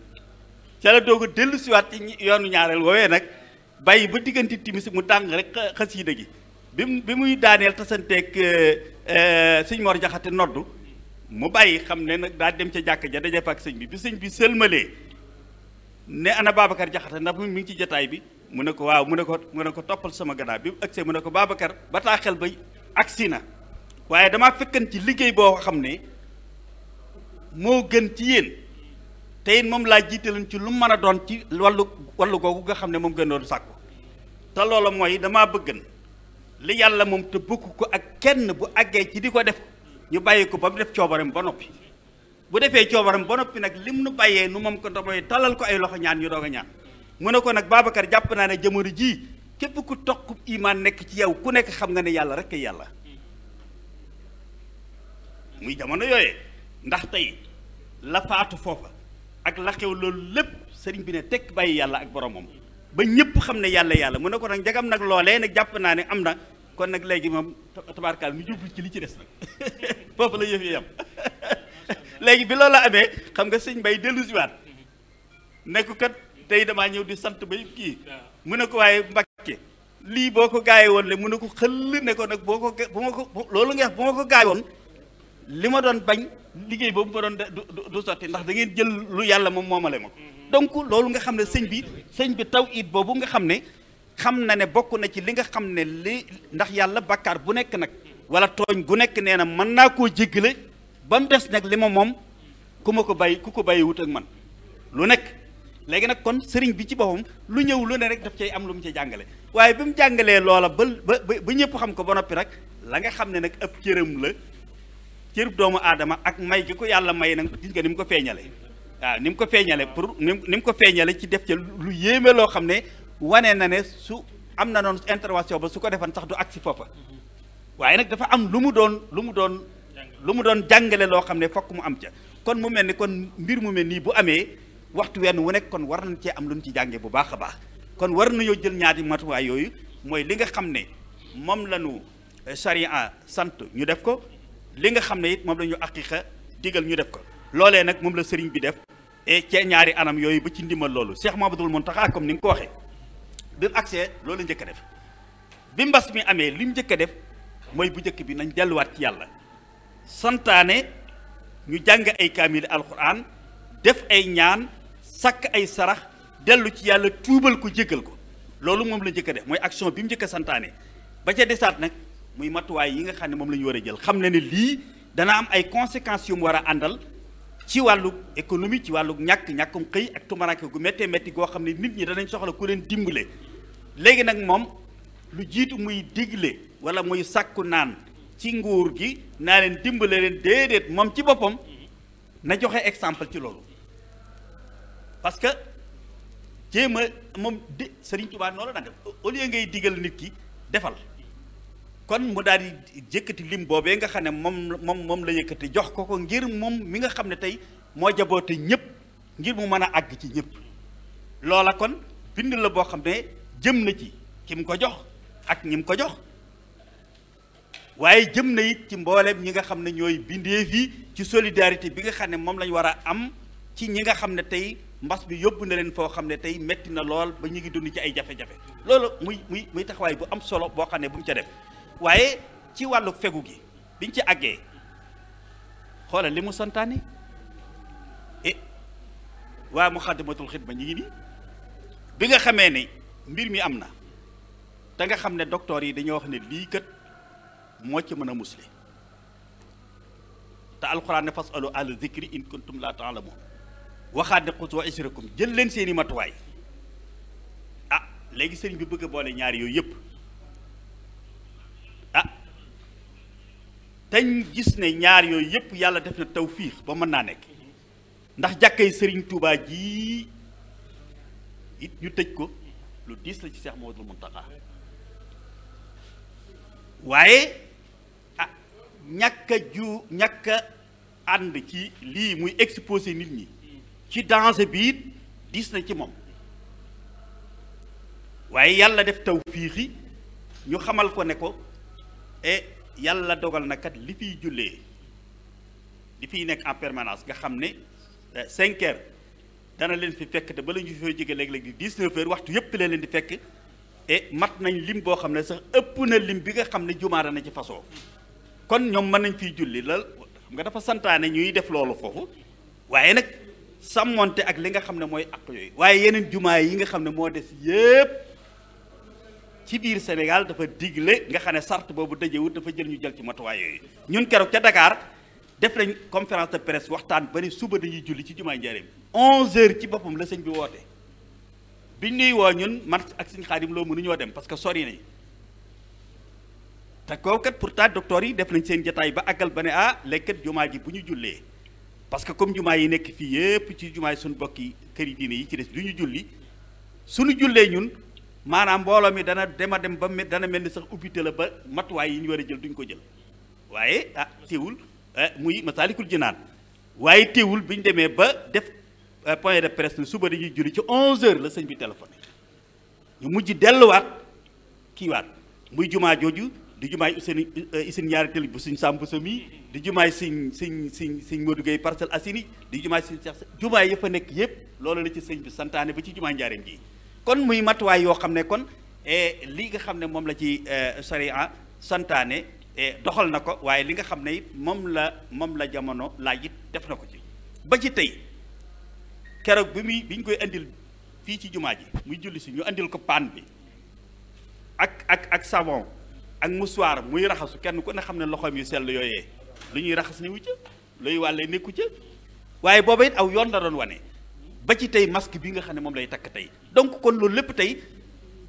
ca la doog a dellu siwaat ci yoonu ñaareel woowee nag bàyyi ba diggante timis mu tàng rek xasiida gi bi mu bi muy daaneel tasanteeg euh, euh, sëñ Mor Jaxate noddu mu bàyyi xam ne nag daa dem ca jàkk ja daje fa ak sëñ bi bi sëñ bi sëlmalee ne ana Babacar Jaxate ndax mi ngi ci jataay bi mu ne ko waaw mu ne ko mu ne ko toppal sama gannaaw bi mu agsee mu ne ko Babacar bataaxel ba agsi na waaye damaa fekkan ci liggéey boo xam ne moo gën ci te moom laa jiitaloon ci lu mën a doon ci wàllu wàllu googu nga xam ne moom gën doon sàkku te loola mooy damaa bëggan li yàlla moom te bëgg ko ak kenn bu àggee ci di ko def ñu bàyyi ko ba mu def coobareem ba noppi bu defee coobaram ba noppi nag lim nu bàyyee nu moom ko damay talal ko ay loxo ñaan ñu doog a ñaan mu ne ko nag Babacar jàpp naa ne jamono jii képp ku toq imaan nekk ci yow ku nekk xam nga ne yàlla rek yàlla muy jamono yooyee ndax tey la faatu foofa ak la xew loolu lépp sëriñ bi ne tekk bàyyi yàlla ak boromam ba ñëpp xam ne yàlla yàlla mu ne ko nag jagam nag loolee nag jàpp naa ne am na kon nag léegi moom tabarkaal mu jublu ci li ci des nag la yëf yi léegi bi loola amee xam nga sëñ bay dellu siwaat nekk kat tey damaa ñëw di sant bay kii mu ne ko waaye Mbàkke lii boo ko gaayee woon le mu ne ko xëll ne boo ko bu ma ko loolu nga bu ma ko gaay li ma doon bañ liggéey boobu ma doon du sotti ndax da ngeen jël lu yàlla moom moomale ma ko mm-hmm. loolu nga xam ne sëñ bi sëñ bi taw it boobu nga xam ne xam na ne bokk na ci li nga xam ne li ndax yàlla bakkaar bu nekk nag wala tooñ gu nekk nee na mën naa koo jéggale ba mu des nag li ma moom ku ma ko bàyyi ku ko bàyyi wut ak man lu nekk léegi nag kon sëriñ bi ci boppam lu ñëw lu ne rek daf cay am lu mu ci jàngale waaye bi mu jàngalee loola ba ba ba ñëpp xam ko ba noppi rek la xam ne nag ab cëram la cërub doomu aadama ak may gi ko yàlla may nag gis nga ko feeñale waaw ni mu ko feeñale pour ni mu ko feeñale ci def ca lu yéeme loo xam ne wane na ne su am na noonu intervention ba su ko defan sax du agsi foofa am lu mu doon lu mu doon lu mu doon jàngale loo xam ne fokk mu am ca kon mu mel ni kon mbir mu mel nii bu amee waxtu wenn wu nekk kon war nañ cee am lu ñu ci jàngee bu baax a baax kon war nañoo jël ñaari matuwaay yooyu mooy li nga xam ne moom la ñu charia euh, sant ñu def ko li nga xam ne moom la ñu aqiqa digal ñu def ko loolee nag moom la sëriñ bi def cee ñaari anam yooyu ba ci ndimbal loolu Cheikh Mouhamadoul taxaa comme ni nga ko waxee bi mu agsee loolu njëkk a def bi mbas mi amee li mu njëkk a def mooy bu njëkk bi nañ delluwaat yàlla santaane ñu jàng ay kaamil alquran def ay ñaan sakk ay sarax dellu ci yàlla tuubal ku jéggal ko loolu moom la njëkk def mooy action bi mu njëkk a santaane ba ca desaat nag muy matuwaay yi nga xam ne moom la ñu war a jël xam ne ne lii dana am ay conséquences yu mu war a àndal ci wàllu économie ci wàllu ñàkk ñàkkum xëy ak tumaraanke gu méttee métti goo xam ne nit ñi danañ soxla ku leen dimbale léegi nag moom lu jiitu muy digle wala muy sàkku naan ci nguur gi naa leen dimbale leen déedéet moom ci boppam na joxe exemple ci loolu parce que jéem a moom di Serigne Touba noonu la daan def au ngay diggal nit ki defal kon mu daal di jëkkati lim boobee nga xam ne moom moom moom la yëkkati jox ko ko ngir moom mi nga xam ne tey moo jaboote ñëpp ngir mu mën a àgg ci ñëpp loola kon bind la boo xam ne jëm na ci ki mu ko jox ak ñi mu ko jox waaye jëm na it ci mbooleem ñi nga xam ne ñooy bindeef yi ci solidarité bi nga xam ne moom lañ war a am ci ñi nga xam ne tey mbas bi yóbbu na leen foo xam ne tey metti na lool ba ñu ngi dund ci ay jafe-jafe loolu muy muy muy taxawaay bu am solo boo xam ne bu mu ca def waaye ci wàllu fegu gi biñ ci àggee xoolal li mu santaane eh waa Muxaddamatul Xidma ñu ngi nii bi nga xamee ni mbir mi am na te nga xam ne docteur yi dañoo wax ne lii kat. moo ci mën a musle te alxuraan ne fasalu ahla zikri in kuntum laa taalamuun waxaat ne xuzu israkum jël leen seeni matuwaay a ah, léegi sëriñ bi bëgg a boole ñaar yooyu yëpp ah dañ gis ne ñaar yooyu yëpp yàlla def na tawfiix ba mën naa nekk ndax jàkkay sëriñ tuubaa jii it ñu tëj ko lu diis la ci Seex Muhammadul Muntaxa waaye ñàkk a ju ñàkk ànd ci lii muy exposé nit ñi ci danger bii diis na ci moom waaye yàlla def tawfiixi ñu xamal ko ne ko e yàlla dogal nakat kat li fiy jullee li fiy nekk en permanence nga xam ne e cinq dana leen fi fekk te ba la ñu fay jóge léeg-léeg di waxtu yépp la di fekk e mat nañ lim boo xam ne sax ëpp na lim bi nga xam ne jumaa dana ci façon kon ñoom mën nañ fiy julli lal xam nga dafa santaane ñuy def loolu foofu waaye nag sàmmoonte ak li nga xam ne mooy ak yooyu waaye yeneen jumaa yi nga xam ne moo des yépp ci biir Sénégal dafa digle nga xam ne sart boobu dajewut dafa jël ñu jël ci matuwaay yooyu ñun keroog ca Dakar def nañu conférence de presse waxtaan ba ne suba dañuy julli ci jumaa Njaaréem 11h ci boppam la sëñ bi woote biñ ñuy woo ñun man ak sëñ Xaadim loo mënuñoo dem parce que sori nañ te kooku pour pourtant docteur yi def nañ seen jataay ba àggal ba ne ah léegi kat jumaa ji bu ñu jullee parce que comme jumaa yi nekk fii yépp ci jumaa yi suñu bokki këri diine yi ci des lu ñu julli suñu jullee ñun maanaam mbooloo mi dana dema dem ba dana mel ni sax ubbite la ba matuwaay yi ñu war a jël duñ ko jël waaye ah teewul eh, muy masaalikul jinaan waaye teewul bi ñu demee ba def eh, point de presse ne suba dañuy julli ci 11h la sëñ bi téléphoné ñu mujj delluwaat kiiwaat muy jumaa jooju di jumaay Ousseynou euh, Ousseynou ñaari tëli bu suñ Samb Somi di jumaay suñ suñ suñ suñ Modou Gueye Parcelles Assainies di jumaa suñ Cheikh jumaay ya fa nekk yëpp loolu la ci sëñ bi santaane ba ci jumaay njaareem ji kon muy matuwaay yoo xam ne kon eh, li nga xam ne moom la ci euh, sariya santaane eh, doxal na ko waaye li nga xam ne it moom la moom la jamono laaj it def na ko ci ba ci tey keroog bi muy bi ñu koy indil fii ci jumaa ji muy julli si ñu andil ko paan bi ak ak ak savon ak musuwaar muy raxasu kenn ku ne xam ne loxoom yu sell yooyee lu ñuy raxas newu ca luy wàllee nekku ca waaye booba it aw yoon la doon wane ba ci tey masque bi nga xam ne moom lay takk tey donc kon loolu lépp tey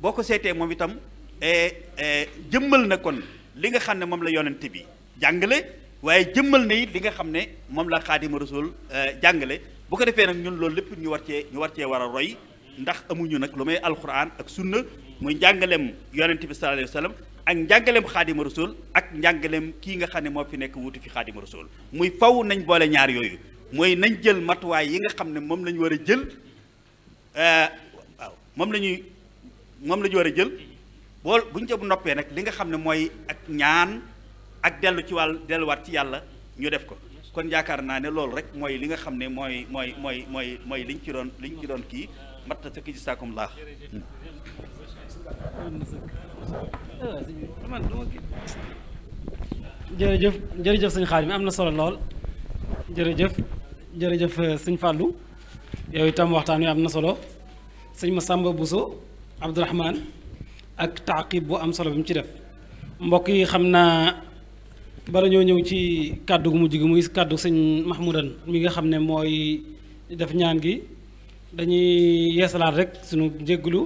boo ko seetee moom itam eh, eh, jëmmal na kon li nga xam ne moom la yonente bi jàngale waaye jëmmal na it li nga xam ne moom la xaadima rasul eh, jàngale bu ko defee nag ñun loolu lépp ñu war cee ñu war cee war a roy ndax amuñu nag lu may alquran ak sunna muy njàngaleem yonente bi sallallahu alayhi ak njàngaleem xaadima rasul ak njàngaleem kii nga xam ne moo fi nekk wuutu fi xaadima rasul muy faw nañ boole ñaar yooyu mooy nañ jël matuwaay yi nga xam ne moom la war a jël eh, waaw moom la ñu war a jël bool bu ñu noppee nag li nga xam ne mooy ak ñaan ak dellu ci wàll delluwaat ci yàlla ñu def ko kon yaakaar naa ne loolu rek mooy li nga xam ne mooy mooy mooy mooy mooy liñ ci doon liñ ci doon kii matta sa ki ci saakum laax jërëjëf jërëjëf sëñ mi am na solo lool jërëjëf jërëjëf euh, sëñ Fàllu yow itam waxtaan wi am na solo sëñ Masamba Bousso Abdourahman ak taaqib bu am solo bi mu ci def mbokk yi xam naa bala ñoo ñëw ci kàddu gu mujj gi muy kàddu sëñ Mahmoudan mi nga xam ne mooy def ñaan gi dañuy yeesalaat rek sunu jégglu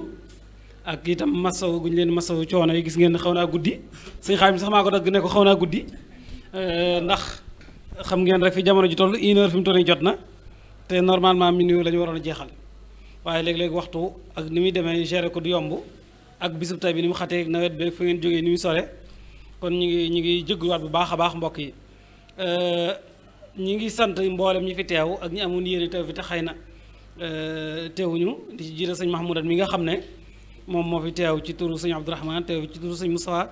ak itam masaw gu ñu leen masaw coono yi gis ngeen xaw naa guddi suñu xaar bi sax ko dagg ne ko xaw naa guddi euh, ndax xam ngeen rek fi jamono ji toll une fi mu toll nii jot na te normalement mi la ñu waroon a jeexal waaye léeg-léeg waxtu ak ni muy demee gérer ko du yomb ak bisub tay bi ni mu xatee nawet bi fu ngeen jógee ni muy sore kon ñu ngi ñu ngi jégluwaat bu baax a baax mbokk yi euh, ñu ngi sant mboolem ñi fi teew ak ñi amoon yéene teew fi te xëy na euh, teewuñu di ci jiital sëñ Mahmoudane mi nga xam ne moom moo fi teew ci turu sëñ Abdourahmane teew ci turu sëñ Moustapha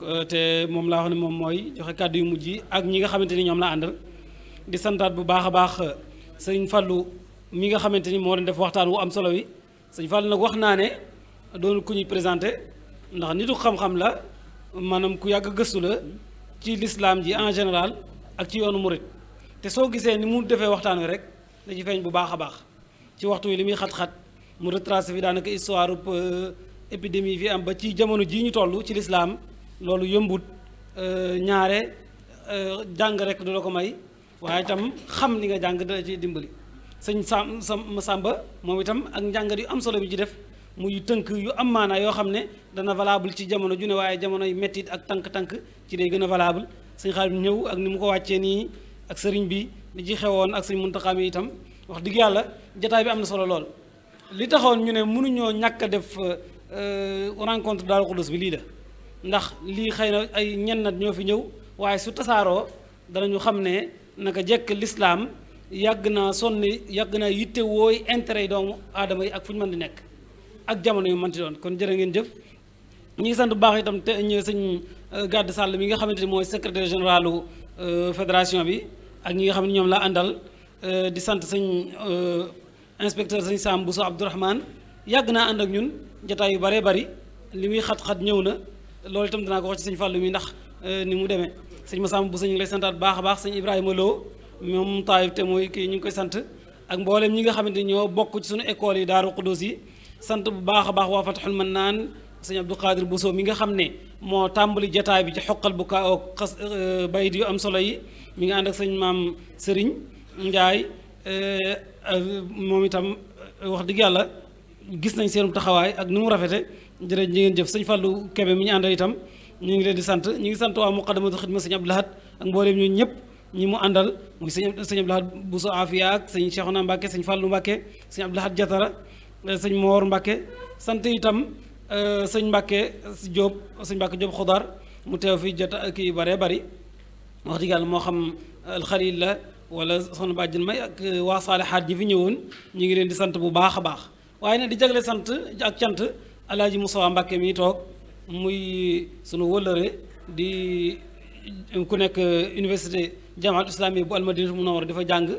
euh, te moom laa wax ne moom mooy joxe kàddu yu mujj yi ak ñi nga xamante ni ñoom la àndal di santaat bu baax a baax euh, sëñ Fallou mi nga xamante ni moo doon def waxtaan wu am solo wi sëñ Fallou nag wax naa ne doon ku ñuy présenté ndax nitu xam-xam la maanaam ku yàgg gëstu la ci lislaam ji en général ak ci yoonu murit te soo gisee ni mu defee waxtaan wi rek da ci feeñ bu baax a baax ci mu retracé fi daanaka histoire euh, épidémie yi fi am ba ci jamono jii ñu toll ci lislaam loolu yëmbut euh, ñaare euh, jàng rek du la ko may waaye itam xam ni nga jàng dana ci dimbali sëñ sam sam sàmba moom itam ak njàngat yu am solo bi ci def muy tënk yu am maanaa yoo xam ne dana valable ci jamono ju ne waaye jamonoy mettit ak tànk-tànk ci lay gën a valable sëñ Xaadim ñëw ak ni mu ko wàccee nii ak sëriñ bi li ci xewoon ak sëñ Muntaxa mi itam wax dëgg yàlla jataay bi am na solo lool li taxoon ñu ne mënuñoo ñàkk a def euh, rencontre Daaru Xudoos bi lii la ndax lii xëy na ay ñennat ñoo fi ñëw waaye su tasaaroo dana danañu xam ne naka jekk lislaam yàgg naa sonni yàgg naa yitte wooy intérêt yi doomu aadama yi ak fu ñu mën di nekk ak jamono yu ti doon kon jërë ngeen jëf ñu ngi sant bu baax itam te sañ sëñ euh, Gàdd Sall mi nga xamante ni mooy secrétaire généralu euh, fédération bi ak ñi nga xam ne ñoom laa àndal di sant sëñ inspecteur sëñ Saam Bousso Abdourahmane yàgg naa ànd ak ñun jataay yu baree bari li muy xat-xat ñëw na loolu itam dana ko wax ci sëñ Fàllu mi ndax euh, ni mu demee sëñ Masamba Bousso ñu ngi lay a baax sëñ Ibrahima Lo moom taayib mooy kii ñu ngi koy sant ak mboolem ñi nga xamante ni ñoo bokk ci suñu école yi Daaru Xudoos yi sant bu baax a baax waa Fatxul Mannaan sëñ Abdou Qadir Bousso mi nga xam ne moo tàmbali jataay bi ci xoqal bu kaa xas euh, bayit yu am solo yi mi ngi ànd ak sëñ maam sëriñ Ndiaye Eh, moom itam eh, wax dëgg yàlla gis nañ seenum taxawaay ak nu mu rafete jërëjëf ñi ngeen jëf sëñ Fallou Kébé mi ñu àndal itam ñu ngi leen di sant ñu ngi sant waa muqaddamatul xidma sëñ Abdou Lahad ak mbooleem ñun ñëpp ñi mu àndal muy sëñ sëñ Abdou Lahad Bousso Afia ak sëñ Cheikhouna Mbacke sañ Fallou Mbacke sëñ Abdou Lahad Jatara eh, sëñ Moor Mbacke sant itam sëñ Mbacke Diop sëñ Mbacke Diop Xudar mu teew fi jota kii bare bari wax dëgg yàlla moo xam alxalil la wala soxna bàjjen may ak euh, waa saalihaat ji fi ñëwoon ñu ngi leen di sant bu baax a baax waaye nag di jagle sant ak cant alaaji Moussa Mbàkke mi toog muy sunu wëllëre di euh, ku nekk euh, université jamaat islami bu almadinatu munawara dafa jàng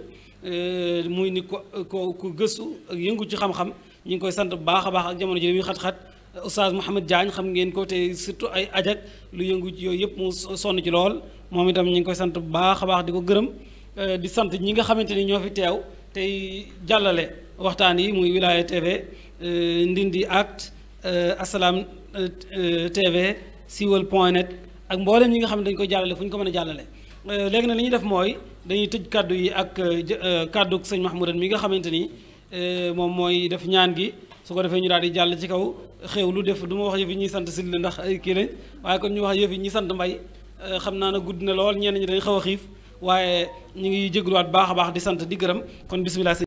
muy ni ko ko ku gëstu ak yëngu ci xam-xam ñu ngi koy sant bu baax a baax ak jamono ji muy xat-xat Oustaz Mouhamed Diagne xam ngeen ko te surtout ay ajag lu yëngu ci yooyu yëpp mu sonn ci lool moom itam ñu ngi koy sant bu baax a baax di ko gërëm Euh, di sant ñi nga xamante ni ñoo fi teew tey jàllale waxtaan yi muy Wilaya TV euh, Ndindi Act euh, assalaam TV Siweul point net ak mboolem ñi nga xam ne dañu koy jàllale fu ñu ko mën a jàllale. léegi nag li ñuy def mooy dañuy tëj kàddu yi ak kàddu sëñ Mahmoudan mi nga xamante ni moom mooy def ñaan gi su ko defee ñu daal di jàll ci kaw xew lu def du ma wax yëf yi ñuy sant si ndax ay kii lañ waaye kon ñu wax yëf yi ñuy sant mbay xam naa ne gudd na lool ñenn ñu dañu xaw a xiif. waaye ñu ngi jégluwaat baax a baax di sant di gërëm kon bisimilah